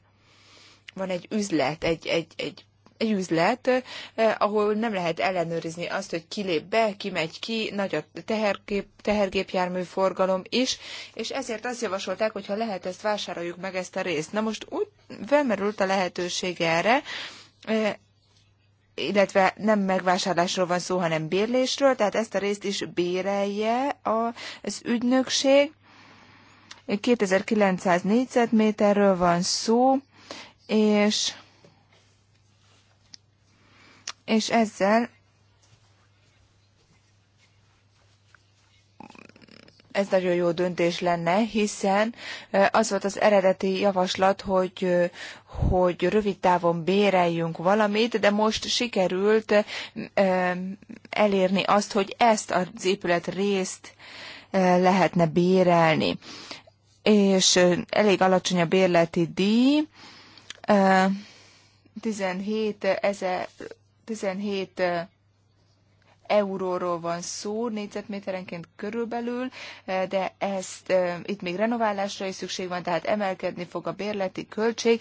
van egy üzlet, egy, egy, egy egy üzlet, ahol nem lehet ellenőrizni azt, hogy ki lép be, ki megy ki, nagy a tehergép, tehergépjármű forgalom is, és ezért azt javasolták, hogy ha lehet, ezt vásároljuk meg ezt a részt. Na most úgy felmerült a lehetőség erre, illetve nem megvásárlásról van szó, hanem bérlésről, tehát ezt a részt is bérelje az ügynökség. 2900 négyzetméterről van szó, és és ezzel ez nagyon jó döntés lenne, hiszen az volt az eredeti javaslat, hogy, hogy rövid távon béreljünk valamit, de most sikerült elérni azt, hogy ezt az épület részt lehetne bérelni. És elég alacsony a bérleti díj, 17 ezer 17 euróról van szó négyzetméterenként körülbelül, de ezt itt még renoválásra is szükség van, tehát emelkedni fog a bérleti költség.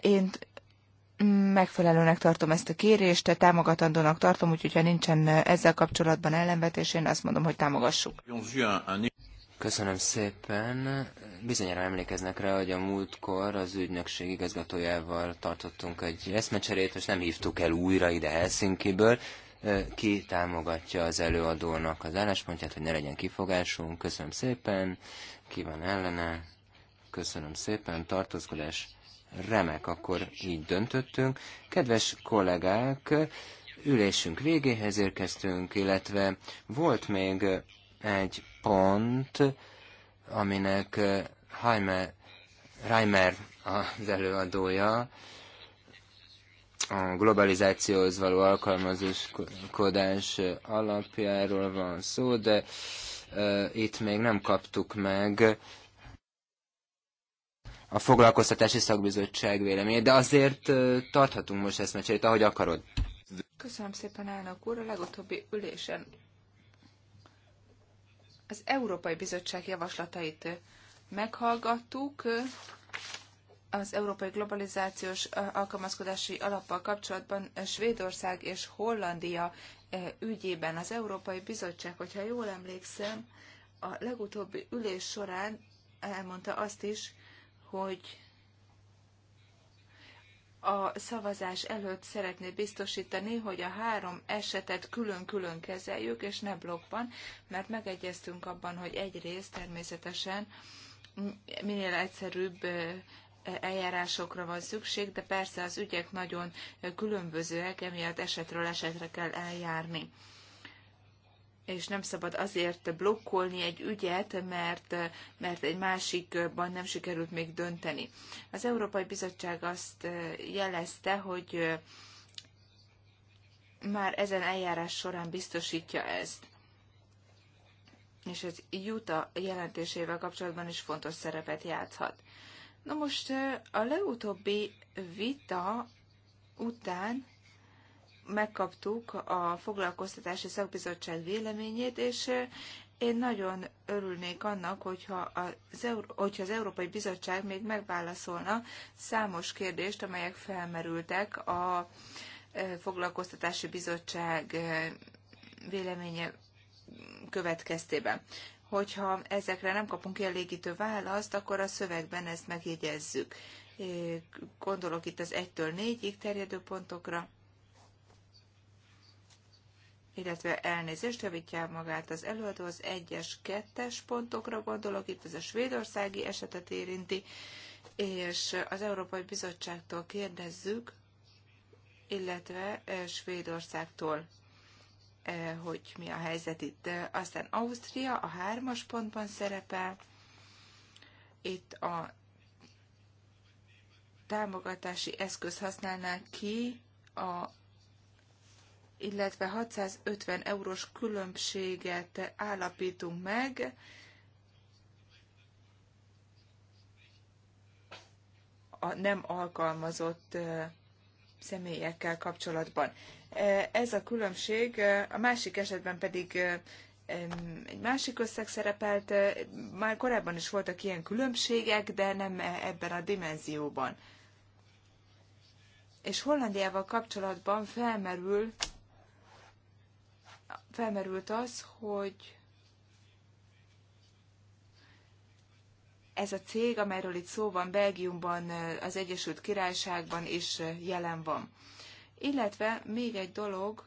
Én megfelelőnek tartom ezt a kérést, támogatandónak tartom, úgyhogy ha nincsen ezzel kapcsolatban ellenvetés, én azt mondom, hogy támogassuk. Köszönöm szépen. Bizonyára emlékeznek rá, hogy a múltkor az ügynökség igazgatójával tartottunk egy eszmecserét, most nem hívtuk el újra ide Helsinki-ből. Ki támogatja az előadónak az álláspontját, hogy ne legyen kifogásunk? Köszönöm szépen. Ki van ellene? Köszönöm szépen. Tartózkodás remek, akkor így döntöttünk. Kedves kollégák, ülésünk végéhez érkeztünk, illetve volt még egy pont, aminek eh, Heimer, Reimer az előadója, a globalizációhoz való alkalmazkodás alapjáról van szó, de eh, itt még nem kaptuk meg a foglalkoztatási szakbizottság véleményét, de azért eh, tarthatunk most ezt eszmecserét, ahogy akarod. Köszönöm szépen, elnök úr. A legutóbbi ülésen az Európai Bizottság javaslatait meghallgattuk az Európai Globalizációs Alkalmazkodási Alappal kapcsolatban Svédország és Hollandia ügyében az Európai Bizottság, hogyha jól emlékszem, a legutóbbi ülés során elmondta azt is, hogy a szavazás előtt szeretné biztosítani, hogy a három esetet külön-külön kezeljük, és ne blokkban, mert megegyeztünk abban, hogy egyrészt természetesen minél egyszerűbb eljárásokra van szükség, de persze az ügyek nagyon különbözőek, emiatt esetről esetre kell eljárni és nem szabad azért blokkolni egy ügyet, mert, mert egy másikban nem sikerült még dönteni. Az Európai Bizottság azt jelezte, hogy már ezen eljárás során biztosítja ezt. És ez Juta jelentésével kapcsolatban is fontos szerepet játszhat. Na most a legutóbbi vita után megkaptuk a foglalkoztatási szakbizottság véleményét, és eh, én nagyon örülnék annak, hogyha az, Euró- hogyha az Európai Bizottság még megválaszolna számos kérdést, amelyek felmerültek a eh, foglalkoztatási bizottság eh, véleménye következtében. Hogyha ezekre nem kapunk elégítő választ, akkor a szövegben ezt megjegyezzük. Gondolok itt az 1-től 4-ig terjedő pontokra illetve elnézést javítja magát az előadó, az egyes, kettes pontokra gondolok, itt ez a svédországi esetet érinti, és az Európai Bizottságtól kérdezzük, illetve eh, Svédországtól, eh, hogy mi a helyzet itt. Aztán Ausztria a hármas pontban szerepel, itt a támogatási eszköz használnák ki a illetve 650 eurós különbséget állapítunk meg, a nem alkalmazott személyekkel kapcsolatban. Ez a különbség, a másik esetben pedig egy másik összeg szerepelt, már korábban is voltak ilyen különbségek, de nem e, ebben a dimenzióban. És Hollandiával kapcsolatban felmerül felmerült az, hogy ez a cég, amelyről itt szó van, Belgiumban, az Egyesült Királyságban is jelen van. Illetve még egy dolog,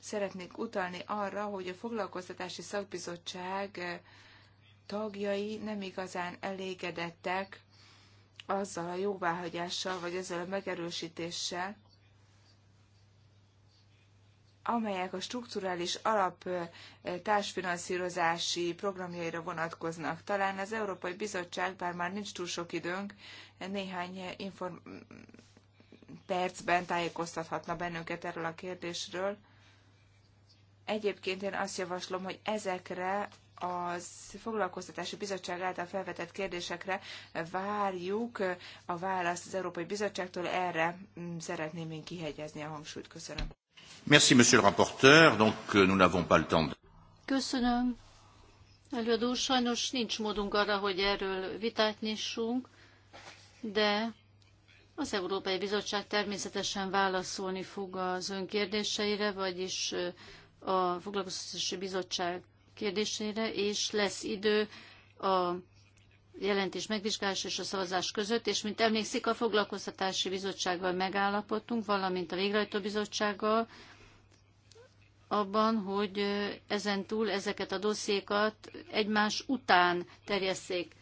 szeretnék utalni arra, hogy a foglalkoztatási szakbizottság tagjai nem igazán elégedettek azzal a jóváhagyással, vagy ezzel a megerősítéssel, amelyek a strukturális alap társfinanszírozási programjaira vonatkoznak. Talán az Európai Bizottság, bár már nincs túl sok időnk, néhány inform percben tájékoztathatna bennünket erről a kérdésről. Egyébként én azt javaslom, hogy ezekre az foglalkoztatási bizottság által felvetett kérdésekre várjuk a választ az Európai Bizottságtól. Erre mm, szeretném én kihegyezni a hangsúlyt. Köszönöm. Merci, monsieur le rapporteur. Donc, euh, nous n'avons pas le temps de... Köszönöm. Előadó, sajnos nincs módunk arra, hogy erről vitát nyissunk, de az Európai Bizottság természetesen válaszolni fog az ön kérdéseire, vagyis a Foglalkoztatási Bizottság kérdéseire, és lesz idő a jelentés megvizsgálása és a szavazás között, és mint emlékszik, a foglalkoztatási bizottsággal megállapodtunk, valamint a végrehajtó bizottsággal abban, hogy ezen túl ezeket a dossziékat egymás után terjesszék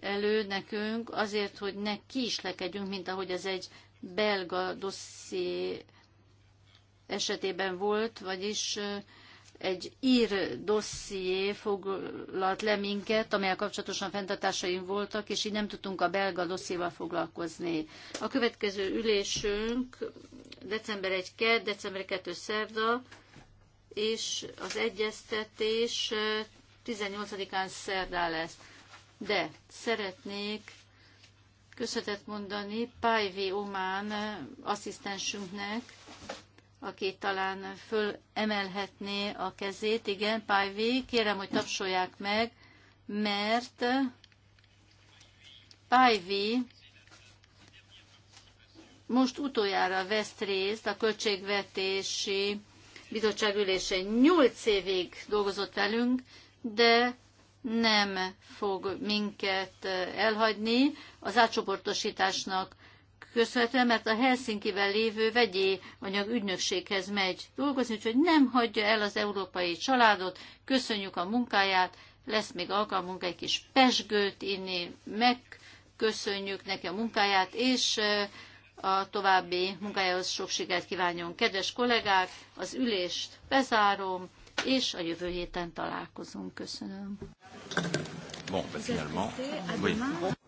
elő nekünk, azért, hogy ne lekedjünk, mint ahogy ez egy belga dosszié esetében volt, vagyis egy ír dosszié foglalt le minket, amelyel kapcsolatosan fenntartásaim voltak, és így nem tudtunk a belga dossziéval foglalkozni. A következő ülésünk december 1 2 december 2 szerda, és az egyeztetés 18-án szerdá lesz. De szeretnék köszönetet mondani Pájvé Omán asszisztensünknek, aki talán fölemelhetné a kezét. Igen, Pajvi, kérem, hogy tapsolják meg, mert Pajvi most utoljára vesz részt a költségvetési bizottság ülésén. Nyolc évig dolgozott velünk, de nem fog minket elhagyni. Az átcsoportosításnak köszönhetően, mert a Helsinki-vel lévő vegyi ügynökséghez megy dolgozni, úgyhogy nem hagyja el az európai családot, köszönjük a munkáját, lesz még alkalmunk egy kis pesgőt inni, megköszönjük neki a munkáját, és a további munkájához sok sikert kívánjon. Kedves kollégák, az ülést bezárom, és a jövő héten találkozunk. Köszönöm. Bon, ben, finalement, oui.